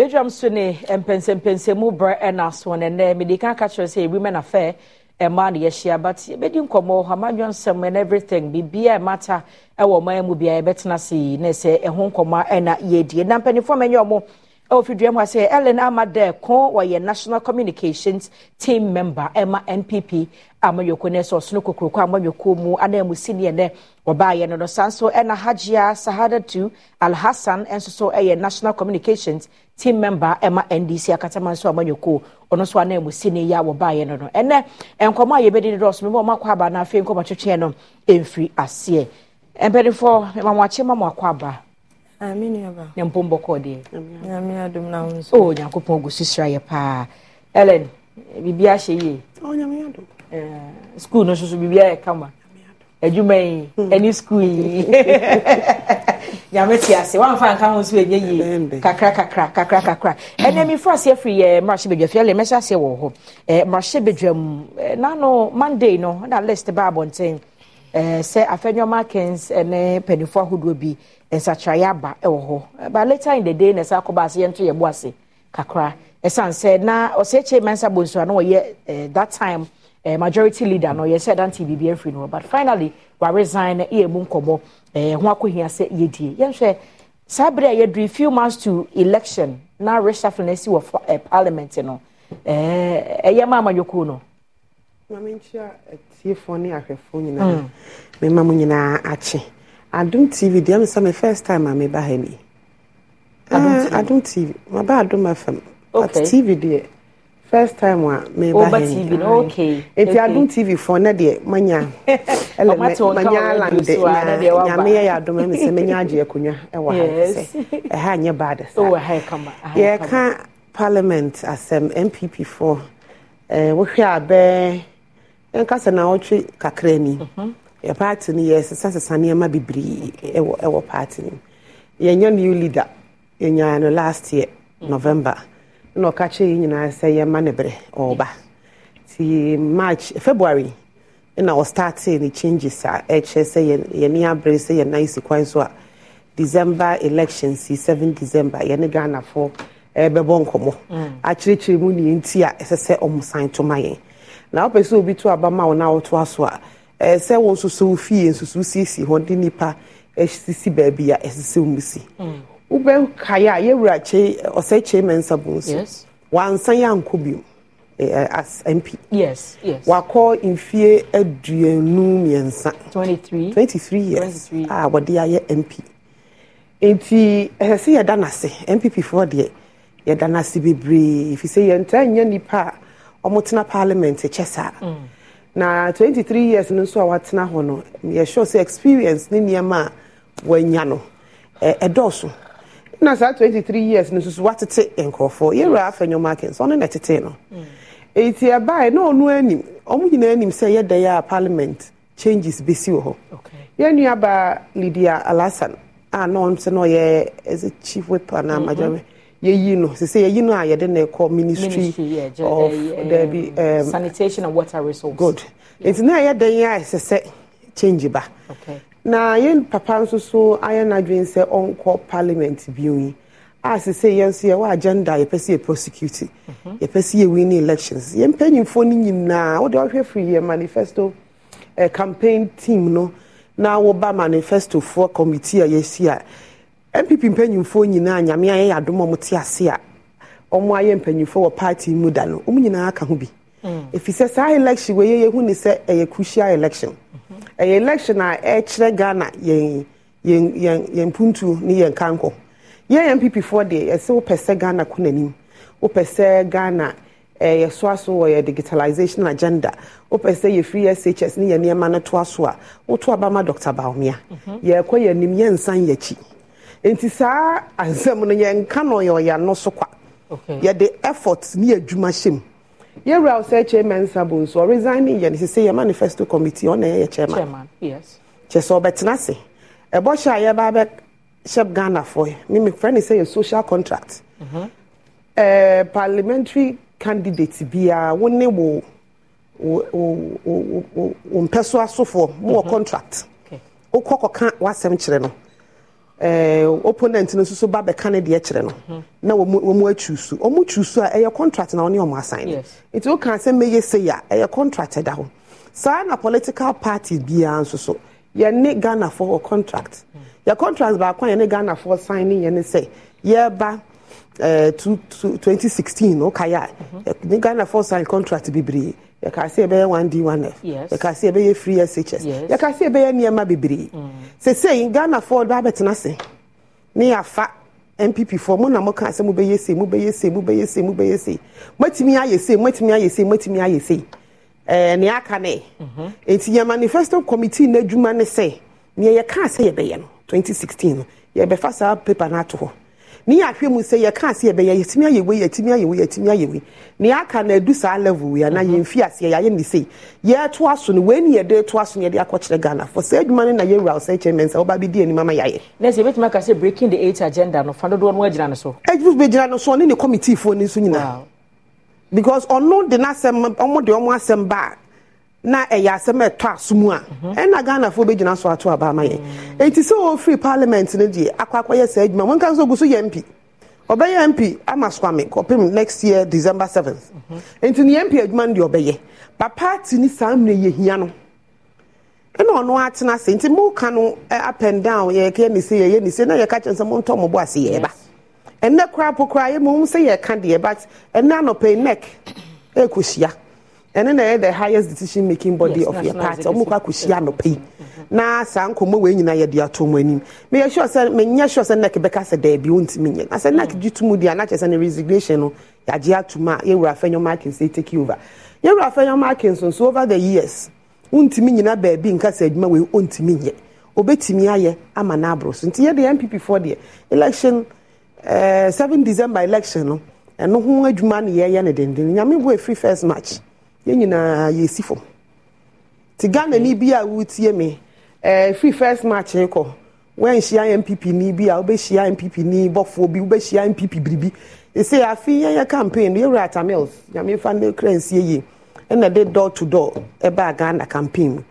bedwam so ne mpɛnsɛmpɛnsɛmu berɛ ɛna so no ɛnɛ mede ka ka kyerɛ sɛ women affair ɛma ne yɛhyia but yɛbɛdi nkɔmmɔ hɔ amadwonsɛm everything biribia ɛmata ɛwɔ ɔman mu bia yɛbɛtena se yi ne sɛ ɛho nkɔmmɔ ɛna yɛdie na mpanimfoɔ manyɛ ɔmo ɛwɔ fidua mu ase ellen amadɛ ko wɔyɛ national communications team member ɛma npp amayɔko ne sɛ ɔsono kokoroko amayɔko mu anan mu si neɛ nɛ ɔbaayɛ no no saa nso ɛna hajia sahada tu alhassan nso so ɛyɛ national communications team member ɛma ndc akatama nso amanyɔkuo ɔno nso anan mu sini yi a wɔbaeɛ no no ɛnɛ nkɔmɔ a yɛbɛdi ne dɔɔso mi mu ɔmo akɔ aba na afei nkɔmɔ twetwe no mfiri aseɛ mpanyinfoɔ mamu akyi mamu akɔ aba. ami ni aba. ne mpom bɔkɔ deɛ. ami adum na ahun so. o oh, nyankopɔn gu sisira yɛ paa ellen bibi ahyɛ yie. ɔ oh, nyame adum. ɛɛ eh, sukuu no bibi ayɛ kama. adwuma yi ɛni hmm. sukuu yi. nyame te ase wamfa nka ho nso ɛnyɛ yie kakra kakra kakra kakra ɛnɛ mefra aseɛ firi yɛ eh, mmarahyɛ badwa fiale mɛhyɛ aseɛ wɔ hɔ mmarahyɛ eh, badwa mu eh, nano monday no na list ba abɔnten sɛ afɛnwoma kens ne mpanimfoɔ ahodoɔ bi nsakyerɛeɛ aba wɔ hɔ but later in the day na ɛsɛ akɔba ase yɛnto yɛ bo ase kakra ɛsiane sɛ na ɔsɛ kyɛ mansa bonsu a na wɔyɛ that time uh, majority leader no yɛsɛ dante biribi afiri no but finally waresign na eh, ɛyɛ mu nkɔmmɔ ɛho eh, akɔhia sɛ yɛdie yɛnhwɛ saa berɛ a yɛduri few months to election na reshuffle no asi wɔ uh, parliament no ɛyɛ ma amanyokuo no mamenkyia atiefoɔ ne ahwɛfoɔ nyinaa mema mo nyinaa akye adom tv deɛ me sɛ me first time a meba ha ni adom tv maba adom fm but tv deɛ first time wa ba a meba tv no okay eti okay. adum tv fo na de manya ele oh, manya lande ah, na me ya adum me se menya agye akonya e wa eh, ha se e oh, ha anye bad sa o ha kama ye um, eh, ka parliament asem mpp fo eh wo hwe abe nka se na otwe kakra ni mm-hmm. ye party ni yes sasa sane ma bibiri e wo e wo party ni ye nya new leader ye nya no last year mm. november mm -hmm na ɔka kyerɛ yi nyinaa sɛ yɛma ne berɛ ɔreba nti march february eh, na ɔstartee ne changes a ɛkyerɛ sɛ yɛne abere sɛ yɛna si kwan so a ah. december election si seven december yɛne ghanafoɔ ɛbɛbɔ nkɔmmɔ akyerɛkyerɛ mu neɛ nti a ah, ɛsɛ sɛ ɔmo san to ma yɛn na wopɛ sɛ obi to aba ma wo na wotoa so a ah. eh, sɛ wo nsoso wo fie nsoso siesie hɔ de nnipa sisi baabi a ɛsɛ sɛ si wobɛ kaeɛ a yɛwura kye ɔsɛ kye mɛ nsabu nso wansan yɛ ankɔ bio eh, eh, as mp yes, yes. wakɔ mfie aduonu mmiɛnsa 23, 23 years 23. a ah, wɔde ayɛ mp nti ɛsɛ sɛ yɛda n'ase mpp foɔ deɛ yɛda n'ase bebree ɛfiri sɛ yɛntaa nyɛ nnipa a ɔmotena parliament kyɛ saa mm. na 23 years no nso a watena hɔ no yɛsure sɛ experience ne nneɛma a wanya no ɛdɔɔso eh, na saa three years no nso watete nkurɔfoɔ yɛwura afa nnwom akins ɔno na ɛtete no hmm. eti abae na ɔno anim ɔmo nyinaa anim sɛ yɛda yɛ a parliament changes bɛsi wɔ hɔ yɛn nua baa lydia alasan a na ɔno sɛ na ɔyɛ ɛsɛ chief whip anaa mm-hmm. majame yɛyi no sɛ yɛyi no a yɛde na ɛkɔ ministry of eh, dabi sanitation and water resources good nti na yɛda yɛ a ɛsɛ sɛ change ba na yɛn papa nso so ayɛ n'adwene sɛ ɔnkɔ parliament bio yi a sise yɛn nso yɛwɔ agenda yɛpɛ sɛ yɛ prosecute mhm. yɛpɛ sɛ yɛ win elections yɛn mpanyinfoɔ no nyinaa wɔde ɔhwɛ firi yɛn manifesto eh, campaign team no na wɔba manifesto foɔ committee a yɛsi a npp mpanyinfoɔ nyinaa nyame ayɛ yɛ adom a wɔte ase a wɔn ayɛ mpanyinfoɔ wɔ party mu da no wɔn nyinaa ka ho bi efisɛ mm. saa election wɔ yɛhu ne sɛ ɛyɛ crucial election. ɛyɛ election a ɛkyerɛ ghana yɛn yɛn puntu ne yɛn kanko yɛn npp foɔ deɛ yɛsɛ wopɛ sɛ ghana ko n'anim wopɛ sɛ ghana ɛɛ yɛso aso wɔ yɛ digitalization agenda wopɛ sɛ yɛfiri shs ne yɛn nneɛma no to aso a woto abama ma dr baomea mhm. yɛkɔ yɛn yɛnsan yɛakyi nti saa asɛm no yɛnka no yɛ ɔyɛ ano so kwa yɛde effort ne yɛadwuma hyɛ mu yɛwura wo sɛ chairman sabo nso ɔresigning yɛ no sɛ sɛ yɛ manifesto committee ɔna ɛyɛ chairman kyɛ sɛ ɔbɛtena se ɛbɔ hyɛ a yɛba bɛhyɛ ghanafoɔ ne mefrɛ ne sɛ yɛ social contract mhm. parliamentary candidate biara wo ne wo wo mpɛ so asofoɔ mowɔ mhm. contract wokɔ kɔka w'asɛm kyerɛ no Eh, opponent no nsoso ba bɛka ne deɛ kyerɛ no mhm. na wɔmu atwusu ɔmu twusu a ɛyɛ contract na ɔne ɔmo asan no nti woka sɛ meye sei ya ɛyɛ contract ɛda hɔ saa na political party biara nso so yɛne ghanafoɔ wɔ contract mhm. yɛ contract baako a yɛne ghanafoɔ sign ne yɛne sɛ yɛreba 2016 eh, no kaya a ghana mhm. ghanafoɔ sign contract bebree yɛka se ɛbɛyɛ 1d1f yes. yɛka se ɛbɛyɛ free shs yes. yɛka se ɛbɛyɛ nneɛma bebree mm. sesei ghanafoɔ ɔdɔ abɛtena se ne yɛafa npp foɔ mo na moka sɛ mobɛyɛ se mobɛyɛ se mobɛyɛ se. mobɛyɛ sei moatumi ayɛ sei moatumi ayɛ se moatumi ayɛ sei ɛɛ ne aka ne mhm. eti yɛ manifesto committee n'adwuma ne sɛ nea yɛka sɛ yɛbɛyɛ no 2016 no yɛbɛfa saa paper no ato hɔ ne yɛahwɛ mu sɛ yɛka ase yɛbɛyɛ yɛtumi ayɛ wei yɛtumi ayɛ wei yɛtumi ayɛ wei ne yɛaka na adu saa level yi anaa mhm. yɛmfi aseɛ yɛayɛ ne sei yɛto aso no wei ne yɛde to aso no yɛde akɔkyerɛ ghanafoɔ saa adwuma no na yɛwura wo sɛ kyɛmɛn sɛ woba bɛdi anim ama yɛayɛ nɛsɛ yɛbɛtumi aka sɛ breaking the eight agenda no fa dodoɔ no agyina no so ɛgyina eh, bɛgyina no so ɔne ne committeefoɔ no nso nyinaa because ɔno de n'asɛm ɔmo de ɔmo asɛm na ɛyɛ asɛm ɛtɔ aso a ɛna ghanafoɔ bɛgyina so ato aba ama yɛ. eti sɛ ɔfiri parliament no deɛ akɔ saa adwuma wɔn so nso gu so yɛ mp ɔbɛyɛ ama skwame kɔpem next year december seventh nti ne yɛ adwuma no deɛ ɔbɛyɛ papa paati ne saa mmerɛ hia no ɛna ɔno atena ase nti mo ka no up and down yɛyɛ ne yɛyɛ ne se na yɛka ɛno na ɛyɛ the highest decision making body of your party ɔmo kɔ akɔhyia anɔpɛ yi na saa nkɔmɔ wei nyinaa yɛde ato ɔmo anim meyɛ sure sɛ menyɛ sure sɛ nek bɛka sɛ daabi ɔntumi nyɛ na sɛ nek mm. gye di mu na anakyɛ sɛ ne resignation no yɛagye ato a yɛwura akin nso over the years nyina baabi nka sɛ adwuma wei nyɛ obetumi ayɛ ama so nti yɛde deɛ election uh, december election no ɛno ho adwuma yɛyɛ no denden yɛn nyinaa yɛsi fam ti ghana ni bi a wotie me ɛɛ eh, free first match kɔ wɔnhyia npp ni bi a wobɛhyia npp ni bɔfoɔ bi wobɛhyia npp biribi ɛsɛ afi yɛyɛ campaign yɛwura atamils nyame fa ne kura nsie yie ɛna de door to door ɛbaa ghana campaign mu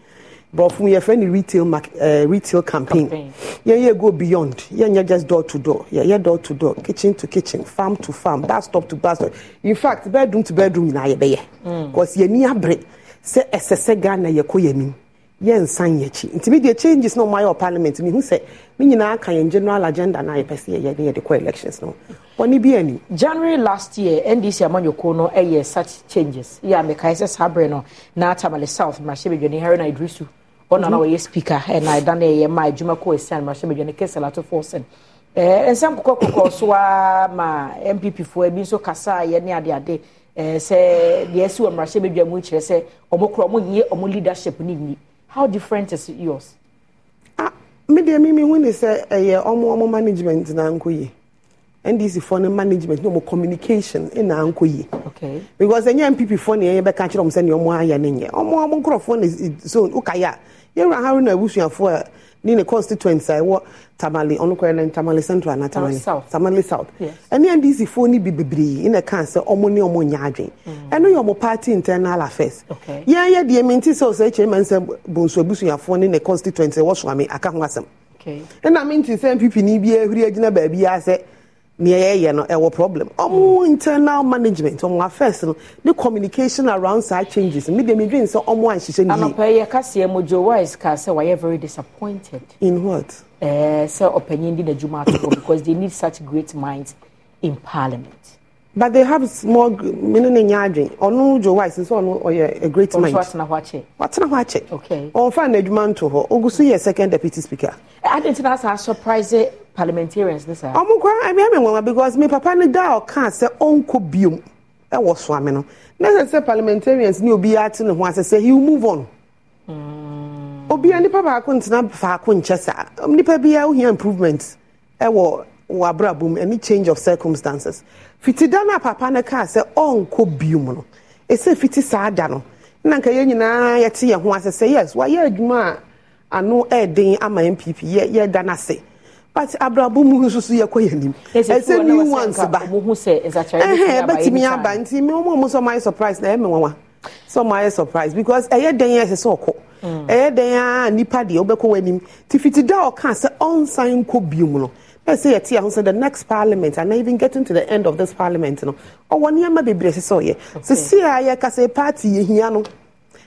But from no retail mark uh, retail campaign yɛyɛ go beyond you're just door to door yɛyɛ door to door kitchen to kitchen farm to farm bus stop to bus stop in fact bedroom to bedroom nyinaa yɛbɛyɛ mm. cause yɛni abere sɛ ɛsɛ sɛ ghana yɛkɔ yɛnim yɛnsan yɛkyi nti medeɛ changes na ɔmayɛ wɔ parliament mehu sɛ I nyinaa ka yɛn general agenda na yɛpɛ sɛ yɛyɛ ne yɛde kɔ elections no bɔne bi ni january last year ndc amanyɔkuo no ɛyɛ such changes yɛ a mekae sɛ saa berɛ no na atamale south mmarahyɛbadwane harina idrisu ɔna na ɔyɛ speaker ɛna ɛda na ɛyɛ ma adwuma kɔ esi anam ahyɛ badwa ne kɛse lato fɔsen ɛɛ nsɛm kɔkɔ kɔkɔ so uh, a npp foɔ ebi nso kasa yɛ ne ade ade ɛɛ sɛ deɛ esi wɔ mmarahyɛ badwa mu kyerɛ sɛ ɔmo kora ɔmo nye ɔmo leadership ne nyi how different is yours. ah mi deɛ mi mi hu ni sɛ ɛyɛ ɔmo ɔmo management na nko yie. ndc fo ne management ne ɔmo communication eh, na anko yi okay. because ɛnyɛ eh, npp fo ne eh, yɛn bɛka kyerɛ ɔmo sɛ ne ɔmo ayɛ ah, ne nyɛ ɔmo ɔmo nkorɔfo ne zone ukaya yɛwura haruna abusuafoɔ a ne ne constituents a ɛwɔ tamale ɔno kɔɛ no tamale central na tamale tamale south ɛne ndc foɔ no bi bebree na ɛka sɛ ɔmo ne ɔmo nya adwen mm. ɛno yɛ ɔmo party internal affairs yɛn yɛ deɛ menti sɛ ɔsɛ kyerɛ ma nsɛ bonsu abusuafoɔ ne ne constituents ɛwɔ soame aka ho asɛm ɛna menti sɛ mpp ni bi ahuri agyina baabi a yeah, no ɛwɔ eh, problem ɔmo hmm. internal management ɔmo first, no communication around side changes mi deɛ so dwi nsɛ ɔmo anhyehyɛ ne yie. anɔpɛ yɛ kaseɛ mo joe wise ka sɛ are very disappointed. in what. ɛɛ eh, opinion ɔpanyin di n'adwuma because they need such great minds in parliament. but they have small mene ne nya adwen ɔno joe wise nso ɔno oh, ɔyɛ a great mind. What's atena hɔ akyɛ. watena hɔ okay. on n'adwuma nto to ogu so yɛ second deputy speaker. adantina eh, asa surprise. parliamentarians ni saa. ọmọ kwan ẹmi ẹmi wọn because mi papa ni da ọkan sẹ ọnkọ biom ẹwọ e so ami no na sẹ parliamentarians ni obi ati ne ho asẹ sẹ he will move on. Hmm. obi a nipa baako ntena faako nkyɛ saa nipa bi a ohia improvement ɛwɔ e wɔ abrabom ɛni change of circumstances fiti da na papa ni kaa sɛ ɔnkɔ biom no ɛsɛ e fiti saa da no na nka yɛn nyinaa yɛte yɛn ho asɛ sɛ yes wayɛ adwuma a ano ɛɛden ama npp yɛ yɛ da n'ase but abrabọ mu nsoso yɛ kɔ yɛ nim ɛsɛ new ones ba ɛhɛn ɛbɛtumi aba nti mi wɔn mu sɔ ɔmo ayɛ surprise na ɛmɛ wɔn wa sɔ ɔmo ayɛ surprise because ɛyɛ dɛn yɛ ɛsɛ sɛ ɔkɔ mm. ɛyɛ dɛn a nipa deɛ ɔbɛkɔ wɔn anim tifiti da ɔka sɛ ɔnsan nkɔ bi mu no ɛsɛ yɛ ti ahosuo the next parliament and even getting to the end of this parliament no ɔwɔ nneɛma bebree ɛsɛ sɛ ɔyɛ sisi a yɛ kasa party yɛ hia no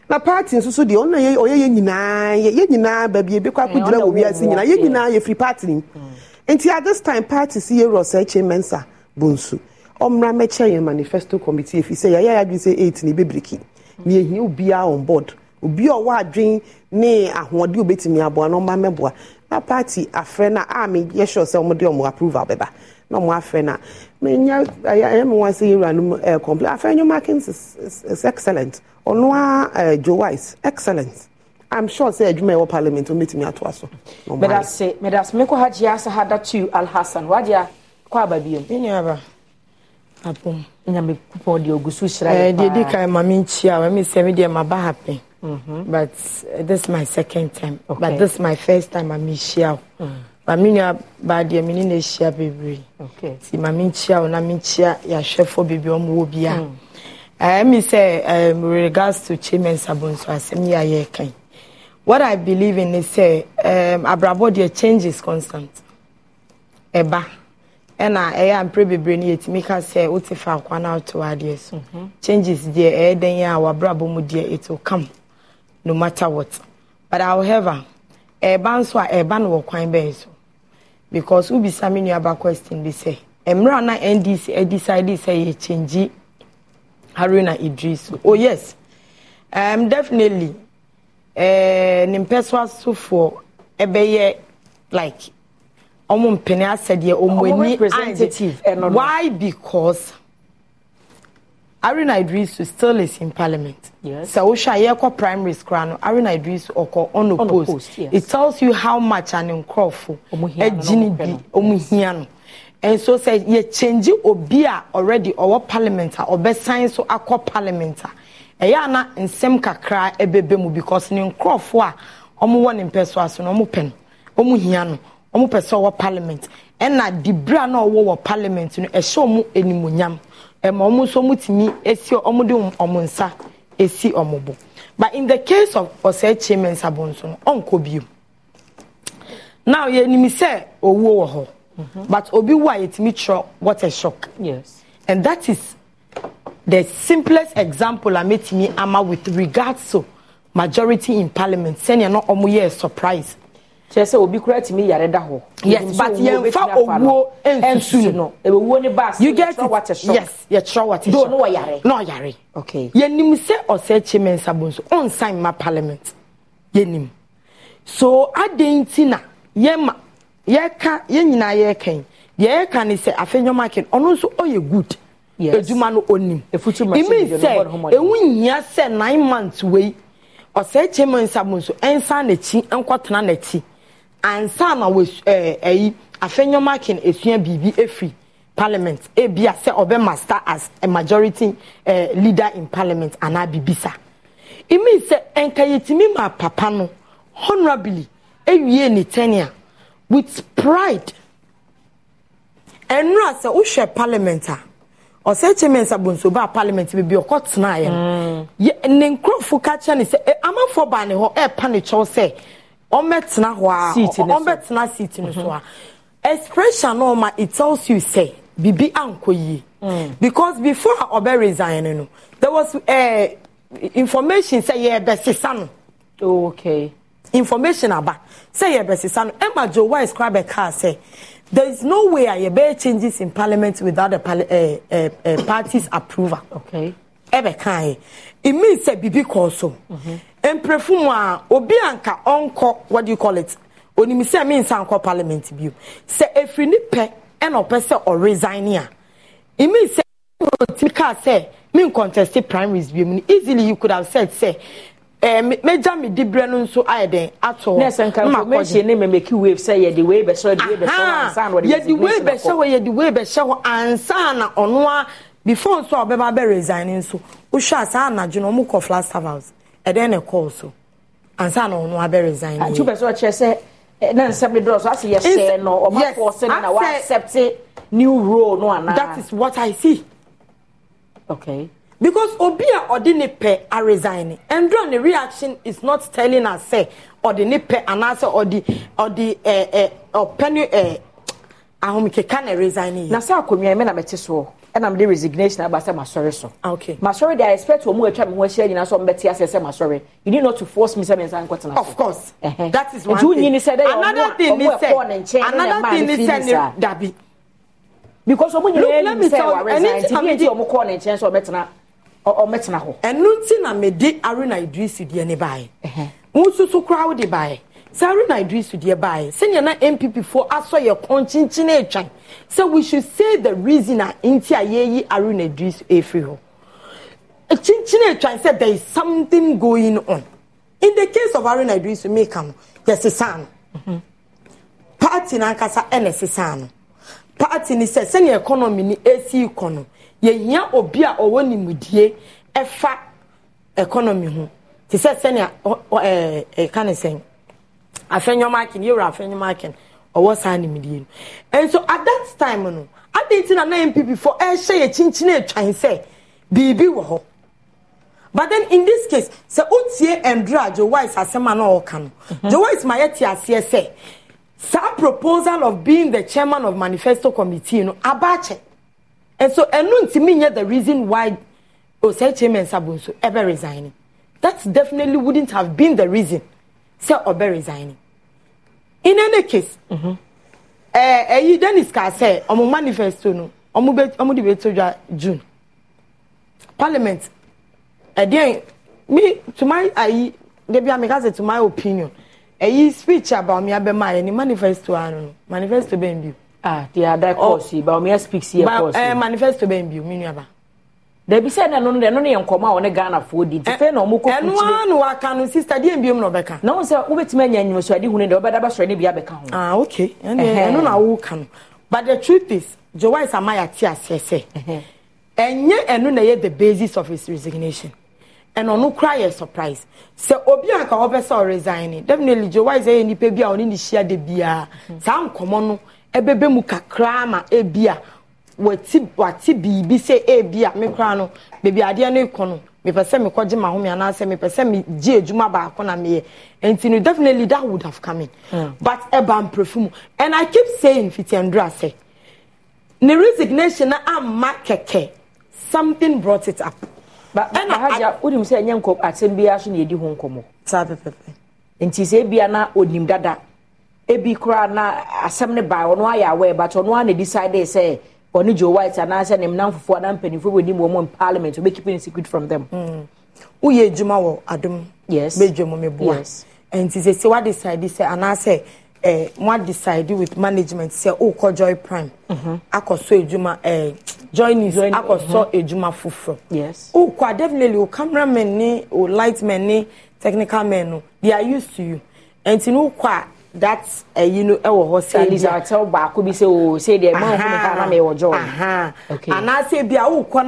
na party nso so deɛ ɔno na yɛ ɔyɛ yɛ nyinaa yɛ yɛ nyinaa baabi ebi kɔ akɔgyina wɔ wiase nyinaa yɛ nyinaa yɛ firi party nim hmm. nti at this time party si yɛ rɔsa ɛkyɛ mɛnsa bonsu ɔmmra mɛkyɛ yɛn manifesto committee efi sɛ yɛayɛ adwene sɛ eight hmm. na ebibiriki na ehia obiara on board obi a ɔwɔ adwene ne ahoɔden a obetumi aboa na ɔma mɛboa na party afrɛ na a mi yɛ sure sɛ ɔmo de ɔmo approval bɛba na ɔmo afɛ na menya ɛyɛ mo wan sɛ yɛ wura no mu ɛɛ eh, complain afɛ ɛnyɛ markins is is is excellent ɔno a ɛɛ joe wise excellent i'm sure sɛ adwuma ɛwɔ parliament o mɛtumi ato aso. medase medase mekɔ ha gye asa ha da tu alhassan wagye kɔ aba bio. ne nua aba apom. but eh, this is my second time. okay but this is my first time maame nhyia o. Mm maame nua baa deɛ me na ahyia bebree nti maame nkyia wo na menkyia yɛahwɛfoɔ beebi ɔm wɔ bi hmm. ɛmi sɛ regards to chairman sabonso asɛm yi a yɛrekan what i believe in is sɛ um, abrabɔ deɛ change is constant ɛba ɛna ɛyɛ ampere bebree no yɛtumi ka sɛ wote fa akwa no ato adeɛ so mhm. changes deɛ ɛyɛ dɛn a wabrabɔ mu deɛ it will come no matter what but however ɛba nso a ɛba no wɔ kwan bɛn so because who wobisa me nuaba question bi sɛ eh? mmerɛ na ndc say a change. haruna idris oh yes um, definitely eh, ne mpɛ so asofoɔ ɛbɛyɛ like ɔmo mpene asɛ deɛ ni. why because Arina Idrisu still is in parliament. Yes. Sɛ wohwɛ a yɛkɔ primaries koraa no Arina Idrisu ɔkɔ on post. It tells you how much an nkurɔfo agyi ne di ɔmo hia no. Nso sɛ yɛkyɛngye obi a already ɔwɔ parliament a ɔbɛsan so akɔ parliament e a ɛyɛ ana nsɛm kakra ɛbɛbɛ e mu because ne nkurɔfo a ɔmo wɔ ne mpɛ so aso no ɔmo pɛ no ɔmo hia no ɔmo pɛ sɛ ɔwɔ parliament ɛna e dibira na ɔwɔ wɔ parliament no ɛhyɛ ɔmo animonyam. E ɛma ɔmo nso ɔmo tumi esi ɔmo de ɔmo nsa esi ɔmo bo but in the case of ɔsɛɛkye mɛnsabɔ nso no ɔnkɔ bio now yɛ nim sɛ owuo wɔ hɔ mhm. but obi wo a yɛtumi kyerɛ water shock yes and that is the simplest example a mɛtumi ama with regards to majority in parliament sɛnea na ɔmo yɛ surprise kyerɛ sɛ obi kura tumi yare da hɔ. yes but yɛn fa owuo nsusu no ewuo ne baasi you get it yes yɛtwerɛ wɔte shop do no ɔyare no ɔyare okay yɛnim sɛ ɔsɛ kyimɛ nsabonso ɔnsan ma parliament yɛnim so adan ti na yɛma yɛka yɛn nyinaa yɛka yi deɛ yɛka ne sɛ afei nyɔma kɛ ɔno nso ɔyɛ good edwuma no onim emi sɛ ewu nyia sɛ nine months wei ɔsɛ kyimɛ nsabonso ɛnsan n'akyi nkɔtena ansa na ɛyi eh, eh, afɛnyɛ makin esua biribi efiri parliament ebi asɛ ɔbɛ master as a majority uh, leader in parliament anaa bibisa imi sɛ nkayetimi ma papa no honourably ewie ne tenure with pride ɛnura sɛ wohwɛ parliament a ɔsɛ chairman abonsoba a parliament beebi ɔkɔ tenaeɛ mm. no ne nkurɔfo ka kyerɛ ne sɛ amanfoɔ baa ne hɔ ɛɛpa ne kyɛw sɛ ɔmbɛtena hɔ a ɔmbɛtena seat no so a expression no ma it tells you say bibi ankɔ yie mm. because before a ɔbɛ resign no there was uh, information say yɛ bɛsesa no. Oh, okay. information aba say yɛ bɛsesa no Emma joe why wise a car say there is no way a yɛbɛyɛ changes in parliament without the pali uh, uh, uh, party's approval. okay. ɛbɛkaa yɛ it means sɛ bibi kɔɔ Mm -hmm mprɛfu mu a obi anka ɔnkɔ what do you call it onim a mi nsa nkɔ parliament bio sɛ efiri ni pɛ ɛna ɔpɛ sɛ ɔresign a imi sɛ ɔtí kaa sɛ mi nkɔntɛsti primaries bio mu ni easily you could have said sɛ ɛɛ eh, mɛgya mi di brɛ no nso ayɛ dɛn atɔ nɛɛsɛ nka information ne mɛmɛki wave sɛ yɛde wave bɛhyɛ yɛde wave bɛhyɛ hɔ ansan na ɔde wave bɛhyɛ hɔ yɛde wave bɛhyɛ hɔ ansan na ɔnoa before nso a ɔbɛba bɛ resign nso wohwɛ a anadwo na ɔmo kɔ flash house ɛdɛn na ɛkɔɔ so ansa na ɔno abɛ resign yie. atu pɛsɛ ɔkyerɛ sɛ na nsɛm de dɔrɔ so ase yɛ sɛ no ɔma fɔ ɔsɛ no na wa accept new role no ana. that is what i see. okay. because obi a ɔde ne pɛ a resign ɛndrɔ ne reaction is not telling us sɛ ɔde ne pɛ anaasɛ ɔde ɔde ɛɛ eh, eh, ɔpɛ ne ɛɛ eh, ahomekeka na resign yie. na sɛ akonnwa yi mi na mɛ ti soɔ ɛna mede resignation aba sɛ masɔre so ah, okay. masɔre de i expect wɔ mu atwa me ho ahyia nyina sɛ ɔmbɛte asɛ sɛ masɔre you need not to force me sɛ mensa nkɔtena of course uh -huh. that is one thing another nti wonyini sɛ dɛ another thing ni sɛ another thing ni sɛ ne dabi because ɔmo nyinaa nim sɛ wɔaresign nti bi nti ɔmo kɔɔ ne nkyɛn sɛ ɔmɛtena ɔmɛtena hɔ ɛno nti na mede arena idrisi deɛ ne baeɛ wo nso so koraa wode baeɛ saruna idrisu deɛ baeɛ sɛnea na npp foɔ asɔ yɛ kɔn kyinkyin atwan sɛ we should say the reason a nti a yɛyi aruna idrisu efiri hɔ kyinkyin atwan sɛ there is something going on in the case of aruna idrisu meka no yɛsesa no mm-hmm. party n'ankasa ɛna ɛsesa no party ni sɛ sɛnea economy ni esi kɔ no yɛhia obi a ɔwɔ nimudie ɛfa economy ho te sɛ sɛnea ɛɛ ɛka ne sɛn. afɛnyɔm akin yɛwura afɛnyɔm akin ɔwɔ saa nimdie no so at that time no adan ti na nan mpp fo ɛhyɛ yɛ kyinkyin atwan sɛ biribi wɔ hɔ but then in this case sɛ wotie ndra joe wise asɛm a na ɔka no mhm. joe wise ma yɛte aseɛ some proposal of being the chairman of manifesto committee no abaakyɛ nso ɛnu ntumi nyɛ the reason why osɛ oh, chairman Sabunso ever resigning that definitely wouldn't have been the reason sɛ ɔbɛ resigning. in any case ɛyi dennis kaa sɛ ɔmo manifesto no ɔmo bɛ ɔmo de bɛ to dwa june parliament ɛdeɛn eh, mi to my ayi debi amika sɛ to my opinion ɛyi eh, speech about mi abɛma yɛ ni manifesto ano ah, oh. eh, no manifesto bɛn bi o. ah di ada course yi ba omi speak si yɛ course yi. manifesto bɛn bi o mi nu yaba dabi sɛ ɛna no no ɛno ne yɛ nkɔmɔ a wɔne ghanafoɔ di nti eh, fɛn na ɔmo kɔ kukyire ɛnoa na waka no sista deɛ mbiom na ɔbɛka na ɔmo sɛ wobɛtumi anya nyimusuade hu ne deɛ ɔbɛda bɛsɔre ne bia bɛka ho ah okay ɛno na woka no but the truth is Joe is amaya te aseɛ sɛ ɛnyɛ ɛno na yɛ the basis of his resignation and ɔno kura yɛ surprise sɛ obi a ka ɔbɛ sɛ ɔresign definitely Joe is ɛyɛ nipa bi a ɔne ne hyia de biara mhm. saa nkɔmɔ no ɛbɛbɛ mu kakra ma ebia wati wati biribi sɛ ebi a mekora no beebi adeɛ no ekɔ no mepɛ sɛ mekɔ gye m'ahome anaasɛ mepɛ sɛ megye adwuma baako na meyɛ nti no definitely that would have come in mm. but ɛba mprɛfu mu and i keep saying fitiandura sɛ ne resignation na amma kɛkɛ something brought it up. ba ɛna hajja wonim sɛ ɛnyɛ nkɔ asɛm biara so na yɛdi ho nkɔmmɔ. saa pɛpɛpɛ. nti sɛ ebia na onim dada ebi koraa na asɛm ne ba ɔno ayɛ awɔ ɛbatɔ ɔno a decide sɛ ɔne joe white anaasɛ ne mnam fufuo anaa mpanyinfoɔ wɔ anim wɔn in parliament wɔbɛkipi it secret from them. woyɛ adwuma wɔ adum. yes bɛdwa mu meboa. yes nti sɛ sɛ wadecide sɛ anaasɛ ɛɛ decide with management sɛ okɔ oh, joy prime. Mm-hmm. akɔ so adwuma ɛɛ eh, join is akɔ so adwuma foforɔ. yes okɔ oh, a definitely o oh, cameraman ni o light man ni technical man no they are used to you nti n'okɔ a. that eh, you know. ɛwɔ hɔ sɛ ebi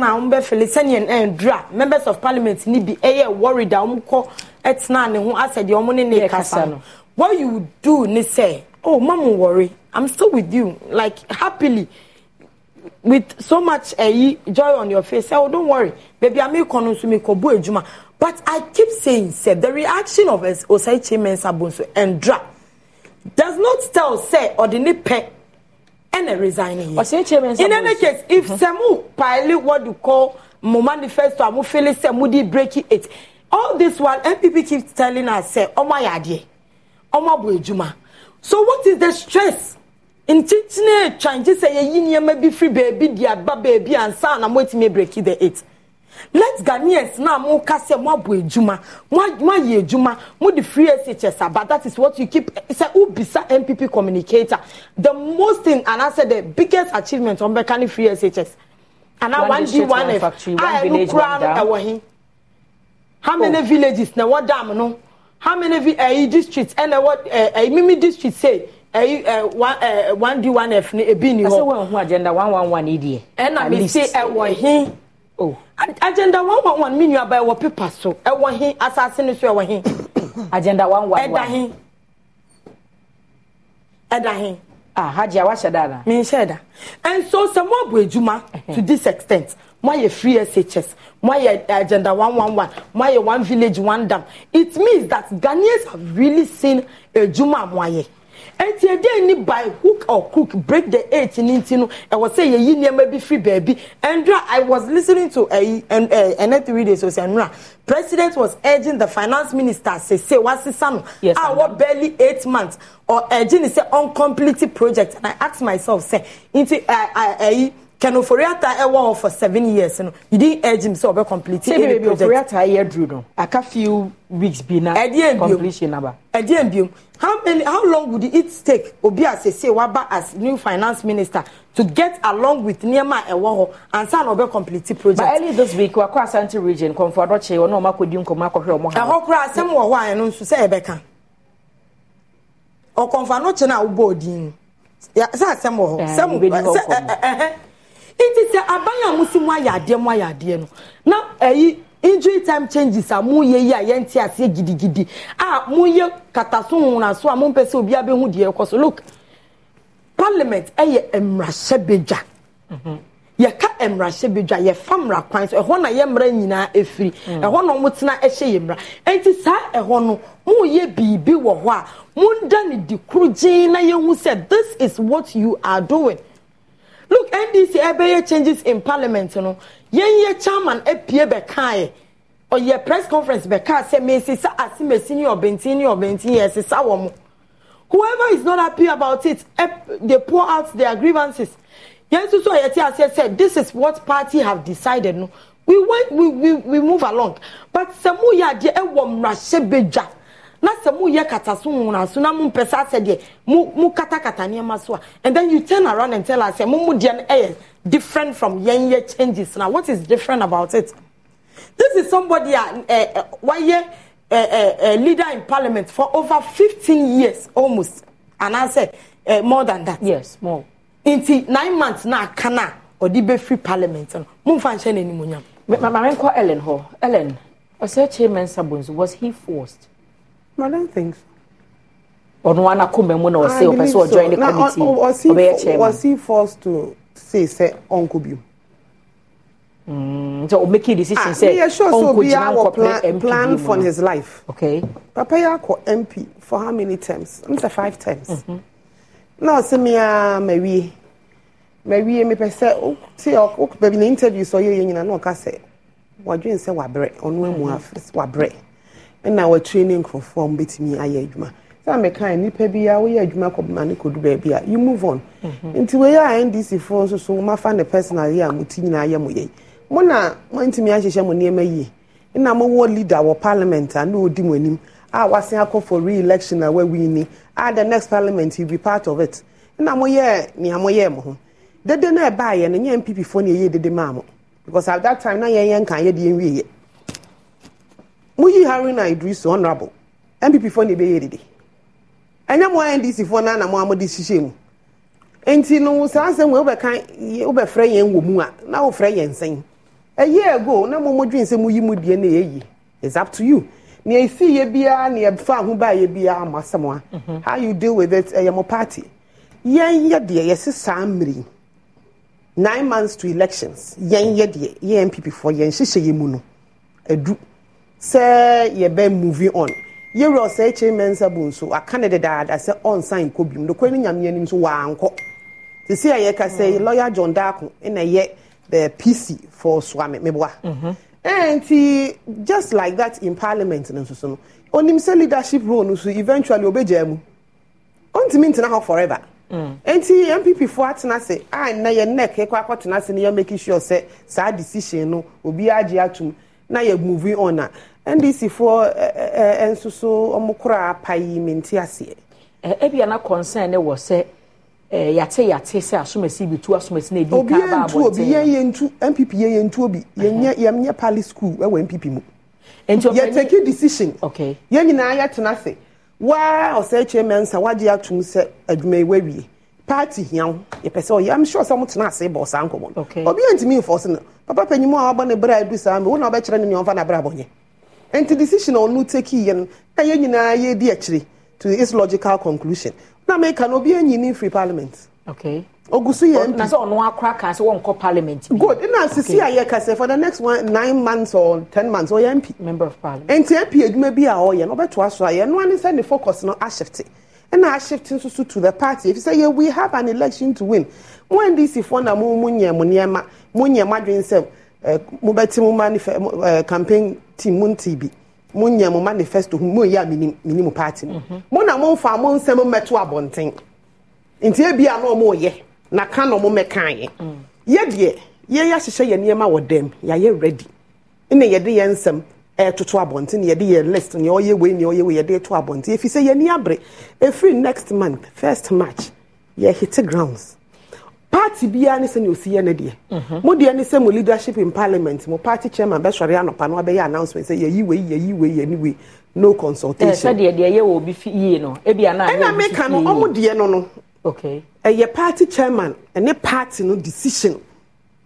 ebi a members of parliament ni bi ɛyɛ eh, worried a ɔmo kɔ ɛtena ne ho asɛ deɛ ɔmo what you do ne oh mama worry i'm still with you like happily with so much uh, joy on your face oh don't worry baby I'm no nso mi kɔ but i keep saying say the reaction of osai chimensa bonso drop. does not tell say ọdini pẹ ẹna resigning yẹ. ọsẹ ẹkyẹ sọ. in any case if mm -hmm. Uh-huh. sẹmu paile what you call mo manifesto a mo fele sẹ mo di breaking it all this while npp keeps telling us say ọmọ ayẹ adeɛ ọmọ abọ edwuma so what is the stress ntintin etwa nti sɛ yɛyi nneɛma bi firi beebi di aba beebi ansa na mo etimi breaking the eight let ghanaians now mo kase mo abo edwuma mo mo ayɛ edwuma mo de free shs aba that is what you keep sɛ o bisa npp communicator the most thing anase the biggest achievement on bɛ free shs ana one d one f a ɛnu kura no ɛwɔ hin how many oh. villages na ɛwɔ dam no how many vi ɛyi eh, district ɛna ɛwɔ ɛyi mimi district say ɛyi eh, ɛ eh, one ɛ one d one f ni ebi ni hɔ. ɛsɛ wɔn ho agenda one one one yi e deɛ. ɛna mi se ɛwɔ hin oh agenda one one one mi nua ba ɛwɔ paper so ɛwɔ hin asase ni so ɛwɔ hin. agenda one one one ɛda hin ɛda hin. ah hajj wa hyɛ da na. mi n hyɛ da nso sɛ mo abo edwuma uh-huh. to this extent mo ayɛ free shs mo ayɛ eh, agenda one one one mo ayɛ one village one dam it means that ghanaians have really seen edwuma mo ayɛ nti ɛde ni by hook or crook break the eight e ni nti no ɛwɔ sɛ yɛyi nneɛma bi firi baabi Andra, i was lis ten ing to ɛyi ɛɛ ɛnɛ three days osi ndra president was urging the finance minister sese wasesa no yes, ah, a wɔ barely eight months or urging sɛ uncompleted project and i ask myself say nti ɛɛ ɛyi. Ken Oforiata ɛwɔ eh, hɔ for seven years no you didn't urge him sɛ ɔbɛ complete any project. Sẹ́bi bèbí Oforiata yẹ duro no, aka few weeks bi na completion naba. Ẹdi ẹ̀ biom, how many how long would it take obi a sese waba as new finance minister to get along with nneɛma a ɛwɔ hɔ ansa na ɔbɛ complete project. But early this week wakɔ Asante region kɔnfɔ adɔkye wɔn na wɔn akɔdi nkɔmɔ akɔhwɛ wɔn ha. Ɛhɔ koraa asɛm wɔ hɔ a ɛno nso sɛ ɛbɛka ɔkɔnfɔ anɔkye na awobɔ odin sɛ asɛm wɔ hɔ sɛ ɛhɛ nti sɛ aban a mo si mo ayɛ adeɛ mo ayɛ adeɛ no na ɛyi injury time changes a mo yɛ yi a yɛn ti aseɛ gidigidi a mo yɛ kataso nwona so a mo mpɛ sɛ obi abɛhu deɛ ɛkɔ so look parliament ɛyɛ mmarahyɛbadwa yɛka mmarahyɛbadwa yɛfa mmara kwan so ɛhɔ na yɛ mmara nyinaa efiri mm. ɛhɔ na wɔn tena ɛhyɛ yɛ mmara nti saa ɛhɔ no mo yɛ biribi wɔ hɔ a mo da ne di kuro gyeen na yɛn ho sɛ this is what you are doing look ndc ɛbɛyɛ changes in parliament no yɛnyɛ chairman apue bɛkaeɛ ɔyɛ press conference bɛkaa sɛ mesesa ase ah, mesi ne ɔbɛntin ne ɔbɛntin yɛsesa eh, wɔ mo whoever is not happy about it eh, they pour out their grievances yẹn nso so a yẹte ase this is what party have decided no we went we we we move along but sẹ mo yẹ adeɛ ɛwɔ mmarahyɛbadwa. E na sɛ mo yɛ kata so nwuna so na mo mpɛ sɛ asɛ deɛ mo mo katakata nneɛma so a and then you turn around and tell us sɛ mo mo deɛ no ɛyɛ different from yɛn yɛ changes na what is different about it this is somebody a ɛ ɛ wayɛ ɛ ɛ ɛ leader in parliament for over fifteen years almost and anaasɛ ɛ uh, more than that. yes more. nti nine months na aka na ɔde bɛfiri parliament no mo nfa nhyɛ n'anim onyam. maame nkɔ ellen hɔ ellen ɔsɛ chairman sabonso was he forced. No, things. don't think so. ɔno anakomɛ mu na ɔsɛ ɔpɛ sɛ ɔjoin the committee ɔbɛyɛ chairman ɔsi forced to say say, ɔnkɔ bi mu. nti o make a decision sɛ ɔnkɔ gyina nkɔpɛ mp bi mu plan for his life. okay. papa yi akɔ mp for how many terms n sɛ five terms. Mm-hmm. no, ɔsɛ mi a ma wie ma wie mi pɛ sɛ o ti ɔ baabi na no, sɛ ɔyɛ yɛ nyina na ɔka sɛ wadwin sɛ wabrɛ ɔno emu mm-hmm. wabrɛ. ɛna wɔatue ne nkurɔfoɔ a wɔbɛtumi ayɛ adwuma saa mɛka nipa bi a woyɛ adwuma kɔbɛma ne kɔdu baabi a you move on mhm. nti wei a ndc foɔ nso so mafa ne personal yi a mo ti nyinaa yɛ mo yɛ mo na mo ntumi ahyehyɛ mo nneɛma yie ɛna mo wɔ leader wɔ parliament a na odi mo anim a wasen akɔ for re-election a wawi ni a the next parliament you be part of it ɛna mo yɛ nea mo yɛ mo ho dede na ɛbaayɛ no nyɛ npp foɔ na ɛyɛ dede maa mo because at that time na yɛn yɛn nkan yɛ deɛ muyi na idris honourable. npp fo na ebeye dede ɛnyɛ mo ndc fo na na mo amode hyehyɛ mu nti no saa nsɛm wo bɛka wobɛfrɛ yɛn wɔ mu a na wofrɛ yɛn nsɛn ɛyɛ ago na mo mo dwen sɛ moyi mu deɛ na ɛyɛ it's up to you nea ɛsii yɛ biara nea ɛfa ho baayɛ biara mo asɛm mhm. a how you deal with it ɛyɛ eh, mo party yɛn yɛ deɛ yɛse saa mmiri nine months to elections yɛn yɛ deɛ yɛn npp fo yɛn hyehyɛ yɛ mu no ɛdu sɛ yɛbɛ moving on yɛwura ɔsɛ ekyir mɛnsa bu nso aka ne dedaada sɛ ɔnsan nkɔ bi mu nokɔ ne nyame anim nso wankɔ sisi a yɛka sɛ lawyer john daako na yɛ the pc for swami meboa mhm. nti just like that in parliament no nso so no onim sɛ leadership role no so eventually obɛgya mu ɔntumi ntena hɔ forever mm. nti npp fo atena ase a nnɛ yɛ nnɛ kekɔ akɔtena ase ne yɛ make sure sɛ saa decision no obiara gye atum na yɛ moving on a ndc foɔ nso so wɔn kora apa yi mente aseɛ. ebi ana concern ne wɔ sɛ yate yate sɛ asomasi bi tu asomasi na ebi kaa ba abɔnten. obi yɛn obi yɛn yɛn ntu npp yɛn yɛn ntu obi yɛn nyɛ yɛn nyɛ pali school ɛwɔ npp mu. nti ɔpɛni yɛ take decision. okay yɛn nyinaa yɛ tena se waa ɔsɛ ekyir mɛnsa wagye atum sɛ adwuma yi wawie party hia ho yɛpɛ sɛ ɔyɛ am sure sɛ motena ase bɔ saa nkɔmmɔ no obi yɛntumi mfɔ se no papa panyimu a wabɔ ne berɛ a ɛdu saa mi wo na wobɛkyerɛ no nea ɔmfa n'abrɛ abɔnyɛ nti decision a ɔno take yɛ no ɛyɛ nyinaa yɛ di akyire to its logical conclusion na meka no obi anyi ne free parliament. okay ogu so yɛ mp na sɛ ɔno akora kaa sɛ wɔnkɔ parliament. good na sisi a yɛka sɛ for the next one nine months or ten months ɔyɛ mp. member of parliament. nti mp adwuma bi a ɔyɛ no ɔbɛto aso ayɛ no ani sɛ ne focus no ahyɛfte ɛna ahyɛfte nso so to the party efi sɛ yɛ we have an election to win wɔn ndc fo na mo mo nyɛ mo nneɛma mo nyɛ mo adwene sɛ eh, mo bɛ ti mo manifest eh, campaign ti mu nti bi mu nyɛ mu manifesto mu yɛ a mini mu party mu mu mhm. na mu nfa mu nsɛm mɛto abɔnten nti ebi a na ɔmo yɛ na ka na ɔmo mɛka yɛ mm. yɛ deɛ yɛ yɛ ahyehyɛ yɛ nneɛma wɔ dɛm yɛayɛ ready ɛna yɛde yɛ nsɛm ɛɛtoto abɔnten na yɛde yɛ list nea ɔyɛ wei nea ɔyɛ wei yɛde to abɔnten efi sɛ ni abere efiri next month first march yɛ hit grounds party biara ne sɛnea osi yɛ ne deɛ mhm. mo deɛ ne sɛ mo leadership in parliament mo party chairman bɛsɔre anɔpa no abɛyɛ announcement sɛ yɛyi wei yɛyi wei yɛni wei no consultation. ɛ sɛdeɛ deɛ yɛ wɔ obi fi yie no ebi anaa yɛ obi fi yie ɛna meka no ɔmo deɛ no no okay ɛyɛ party chairman ɛne party no decision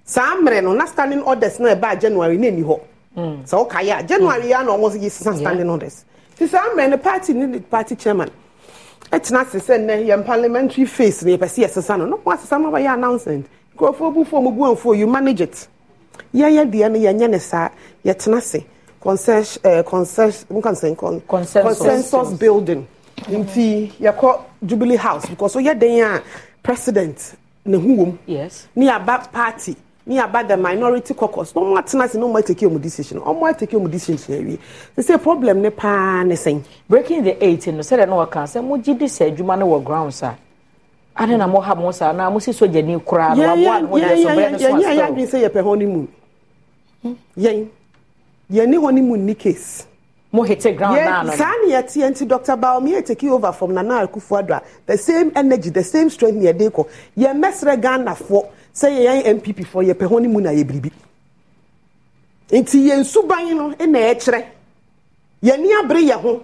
saa mmerɛ no na standing orders na ɛbaa january na ɛni hɔ mm. sɛ ɔka yɛ a january yɛ a na ɔmo yi sisan standing orders sisan mmerɛ no party ne party chairman ɛtena ase sɛ nnɛ yɛn parliamentary face na yɛpɛ sɛ yɛsesa no no mo asesa mo abɛyɛ announcement nkurɔfoɔ bu fom bu mfuo you manage it yɛyɛ deɛ no yɛnyɛ ne saa yɛtena ase consensus consensus building nti yɛkɔ jubilee house because so yɛ den a president ne ho wom ne yɛaba party ne about the minority caucus No ɔmo atena ase na ɔmo atake ɔmo decision ɔmo atake ɔmo decision awie sese problem ne pan, ne sɛn. breaking the eight no sɛdeɛ na wɔka sɛ mo gyi di sɛ no wɔ grounds a ade na mo ha mo saa na mo si sogya ni koraa na waboa no ho na ɛsɛ ɔbɛn no so asɛw. yɛn yɛn yeah, yɛn sɛ yɛpɛ honeymoon yɛn hmm? yɛn ni honeymoon ni case. mo hete ground yeah, na ano. saa ni yɛ ti yɛn ti dr baomi yɛ take over from nana akufo the same energy the same strength ni yɛ de kɔ yɛn mɛsrɛ ghana fo. sɛ yɛn npp foɔ yɛpɛ hɔ ne mu na yɛ biribi nti yɛn suban no na ɛkyerɛ ni abere yɛ ho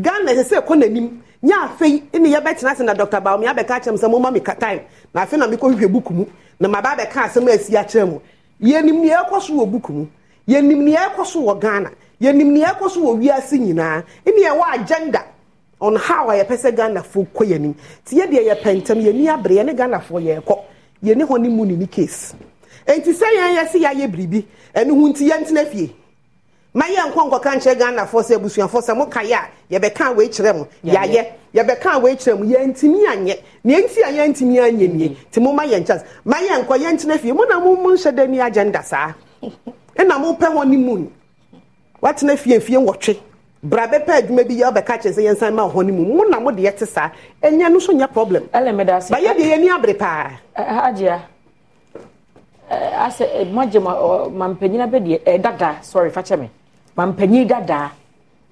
ghana ɛsɛ sɛ ɛkɔ n'anim nyɛ afei ne yɛbɛtena ase na dr baomi abɛka akyerɛ mu sɛ moma meka time na afei na mekɔ hwehwɛ buku mu na maba abɛka asɛm asi akyerɛ mu yɛnim nea ɛkɔ so wɔ buku mu yɛnim nea ɛkɔ so wɔ ghana yɛnim nea ɛkɔ so wɔ wiase nyinaa ne ɛwɔ agenda on how a yɛpɛ sɛ ghanafoɔ kɔ yɛnim nti yɛdeɛ yɛpɛ ntɛm yɛni abere yɛne ghanafoɔ yɛrekɔ yɛne hɔ ne mu ne ne case nti sɛ yɛn yɛ se yɛayɛ biribi ɛno ho nti yɛntena fie ma yɛ nkɔ nkɔka nkyerɛ ghanafoɔ sɛ abusuafoɔ sɛ mokaeɛ a yɛbɛka a wei kyerɛ mo yɛayɛ yɛbɛka a wei kyerɛ mo yɛntumi anyɛ neɛ nti a yɛntumi anyɛ nie nti mm-hmm. moma yɛn chance ma yɛ nkɔ yɛntena fie mo na mo mo nhyɛ da ni agenda saa ɛna mopɛ hɔ ne mu watena fie mfie nwɔtwe bra bɛpɛ adwuma bi yɛ ɔbɛka kyerɛ sɛ yɛnsan ma ɔhɔ ne mu mu na mo deɛ te saa ɛnyɛ no so nyɛ problem bayɛ deɛ yɛni abere paa hagyea asɛ magye mampanyina bɛ deɛ dadaa sorry fakyɛ me mampanyin dadaa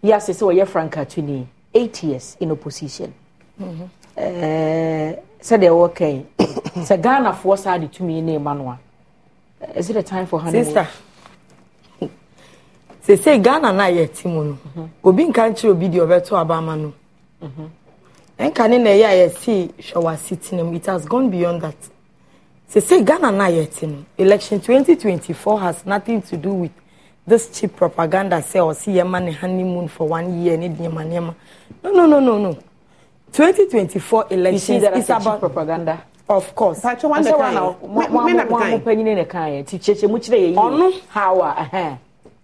yɛ ase sɛ ɔyɛ frankatoni eight years in opposition mhm. sɛdeɛ wɔkɛn sɛ ghanafoɔ saa de tumi ne ma no a is it a time for honeymoon sister sese ghana na yɛ ti mu no obi nka nkyerɛ obi deɛ ɔbɛto abama no nka ne na ɛyɛ a yɛsi hwɛ wɔ ase tenam it has gone beyond that sese ghana na yɛ ti no election twenty twenty four has nothing to do with this cheap propaganda sɛ ɔsi yɛ ma ne honeymoon for one year ne nneɛma nneɛma no no no no no twenty twenty four election is about propaganda. of course. pàtó wọn bẹ ká yẹ mí nà mí ká yẹ ɔno. how a. Uh, uh-huh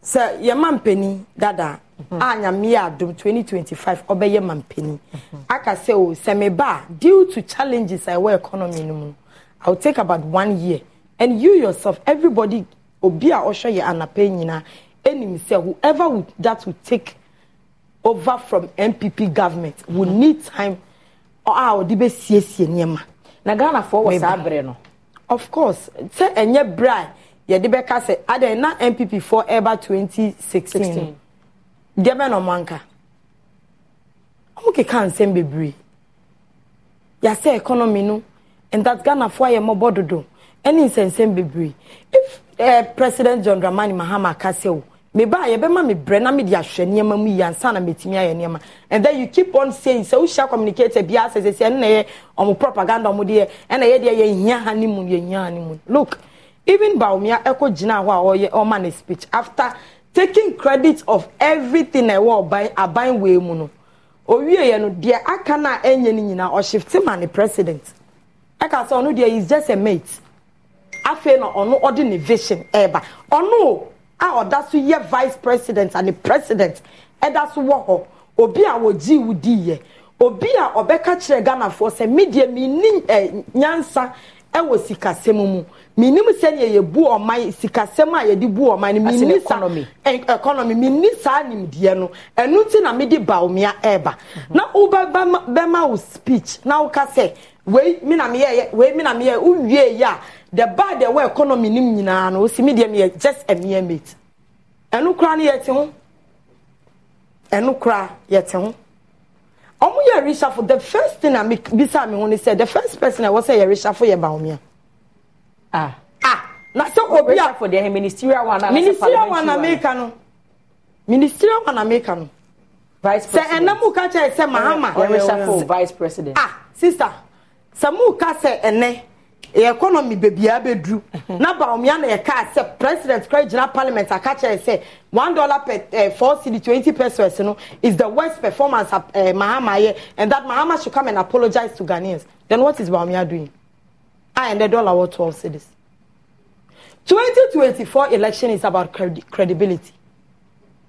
sɛ yɛ mampanin dada mm -hmm. a nyame yɛ adom 2025 ɔbɛyɛ mampanin aka sɛ o sɛ meba a due to challenges a ɛwɔ economy no mu i will take about one year and you yourself everybody obi a ɔhwɛ yɛ anapa nyinaa ɛnim sɛ whoever would, that will take over from npp government mm -hmm. will need time a ah, ɔde bɛsiesie nneɛma na ghanafoɔ wɔ saa berɛ no of course sɛ ɛnyɛ berɛ a yɛde bɛka sɛ adɛn na npp foɔ ɛba twenty sixteen deɛ bɛ na ɔmo anka ɔmo keka nsɛm bebree yasɛ economy no ntat ghanafoɔ ayɛ mɔbɔ dodo ɛne nsɛnsɛm bebree if ɛɛ eh, president john dramani mahama akasɛ o oh, meba a yɛbɛma me brɛ na mede ahwɛ nneɛma mu yi ansa na metumi ayɛ nneɛma and then you keep on saying sɛ wohyia communicator biara sɛ sɛ sɛ ɛno na ɛyɛ ɔmo propaganda ɔmo deɛ ɛna yɛ deɛ yɛn hia ha ne mu yɛn hia ha ne mu look. even baumia ɛkɔ gyina hɔ a ɔyɛ ɔma ne speech after taking credit of everything ɛwɔ ɔban aban wee mu no owie yɛ oh, no deɛ aka na ɛnyɛ no nyinaa ɔshifte ma ne president ɛka sɛ ɔno deɛ is just a mate afei na ɔno ɔde ne vision ɛɛba ɔno a ɔda so yɛ vice president and president ɛda so wɔ hɔ obi a wɔgye wo di yɛ obi a ɔbɛka kyerɛ ghanafoɔ sɛ medeɛ menni ɛ eh, nyansa ɛwɔ eh, sikasɛm mu minim sɛnea yɛbu ɔman sikasɛm a yɛde bu ɔman no mini sa economy eh, mini saa nimdeɛ no ɛno nti na mede baomia ɛɛba mhm. na woba bɛma wo speech na woka sɛ wei mi na meyɛyɛ wei mi na meyɛ wowie yɛ a the bad ɛwɔ economy nim nyinaa no osi mi deɛ meyɛ just a mere mate ɛno koraa no yɛte ho ɛno koraa yɛte ho ɔmo yɛ reshuffle the first thing na bisa mi ho ne sɛ the first person a ɛwɔ sɛ yɛ reshuffle yɛ baomia ah ah na sɛ obi a ministerial one na ministerial one na no ministerial one na no vice president sɛ ɛnɛ mu ka kyerɛ sɛ mahama ɔyɛ vice president ah sister sɛ mu ka sɛ ɛnɛ economy bebia beduru na baomia na yɛka sɛ president kora gyina parliament aka kyerɛ sɛ one dollar per uh, four cd twenty pesos no is the worst performance uh, mahama yɛ and that mahama should come and apologize to ghanaians then what is baomia doing. Ah, and the dollar was 12 cities. 2024 election is about credi- credibility.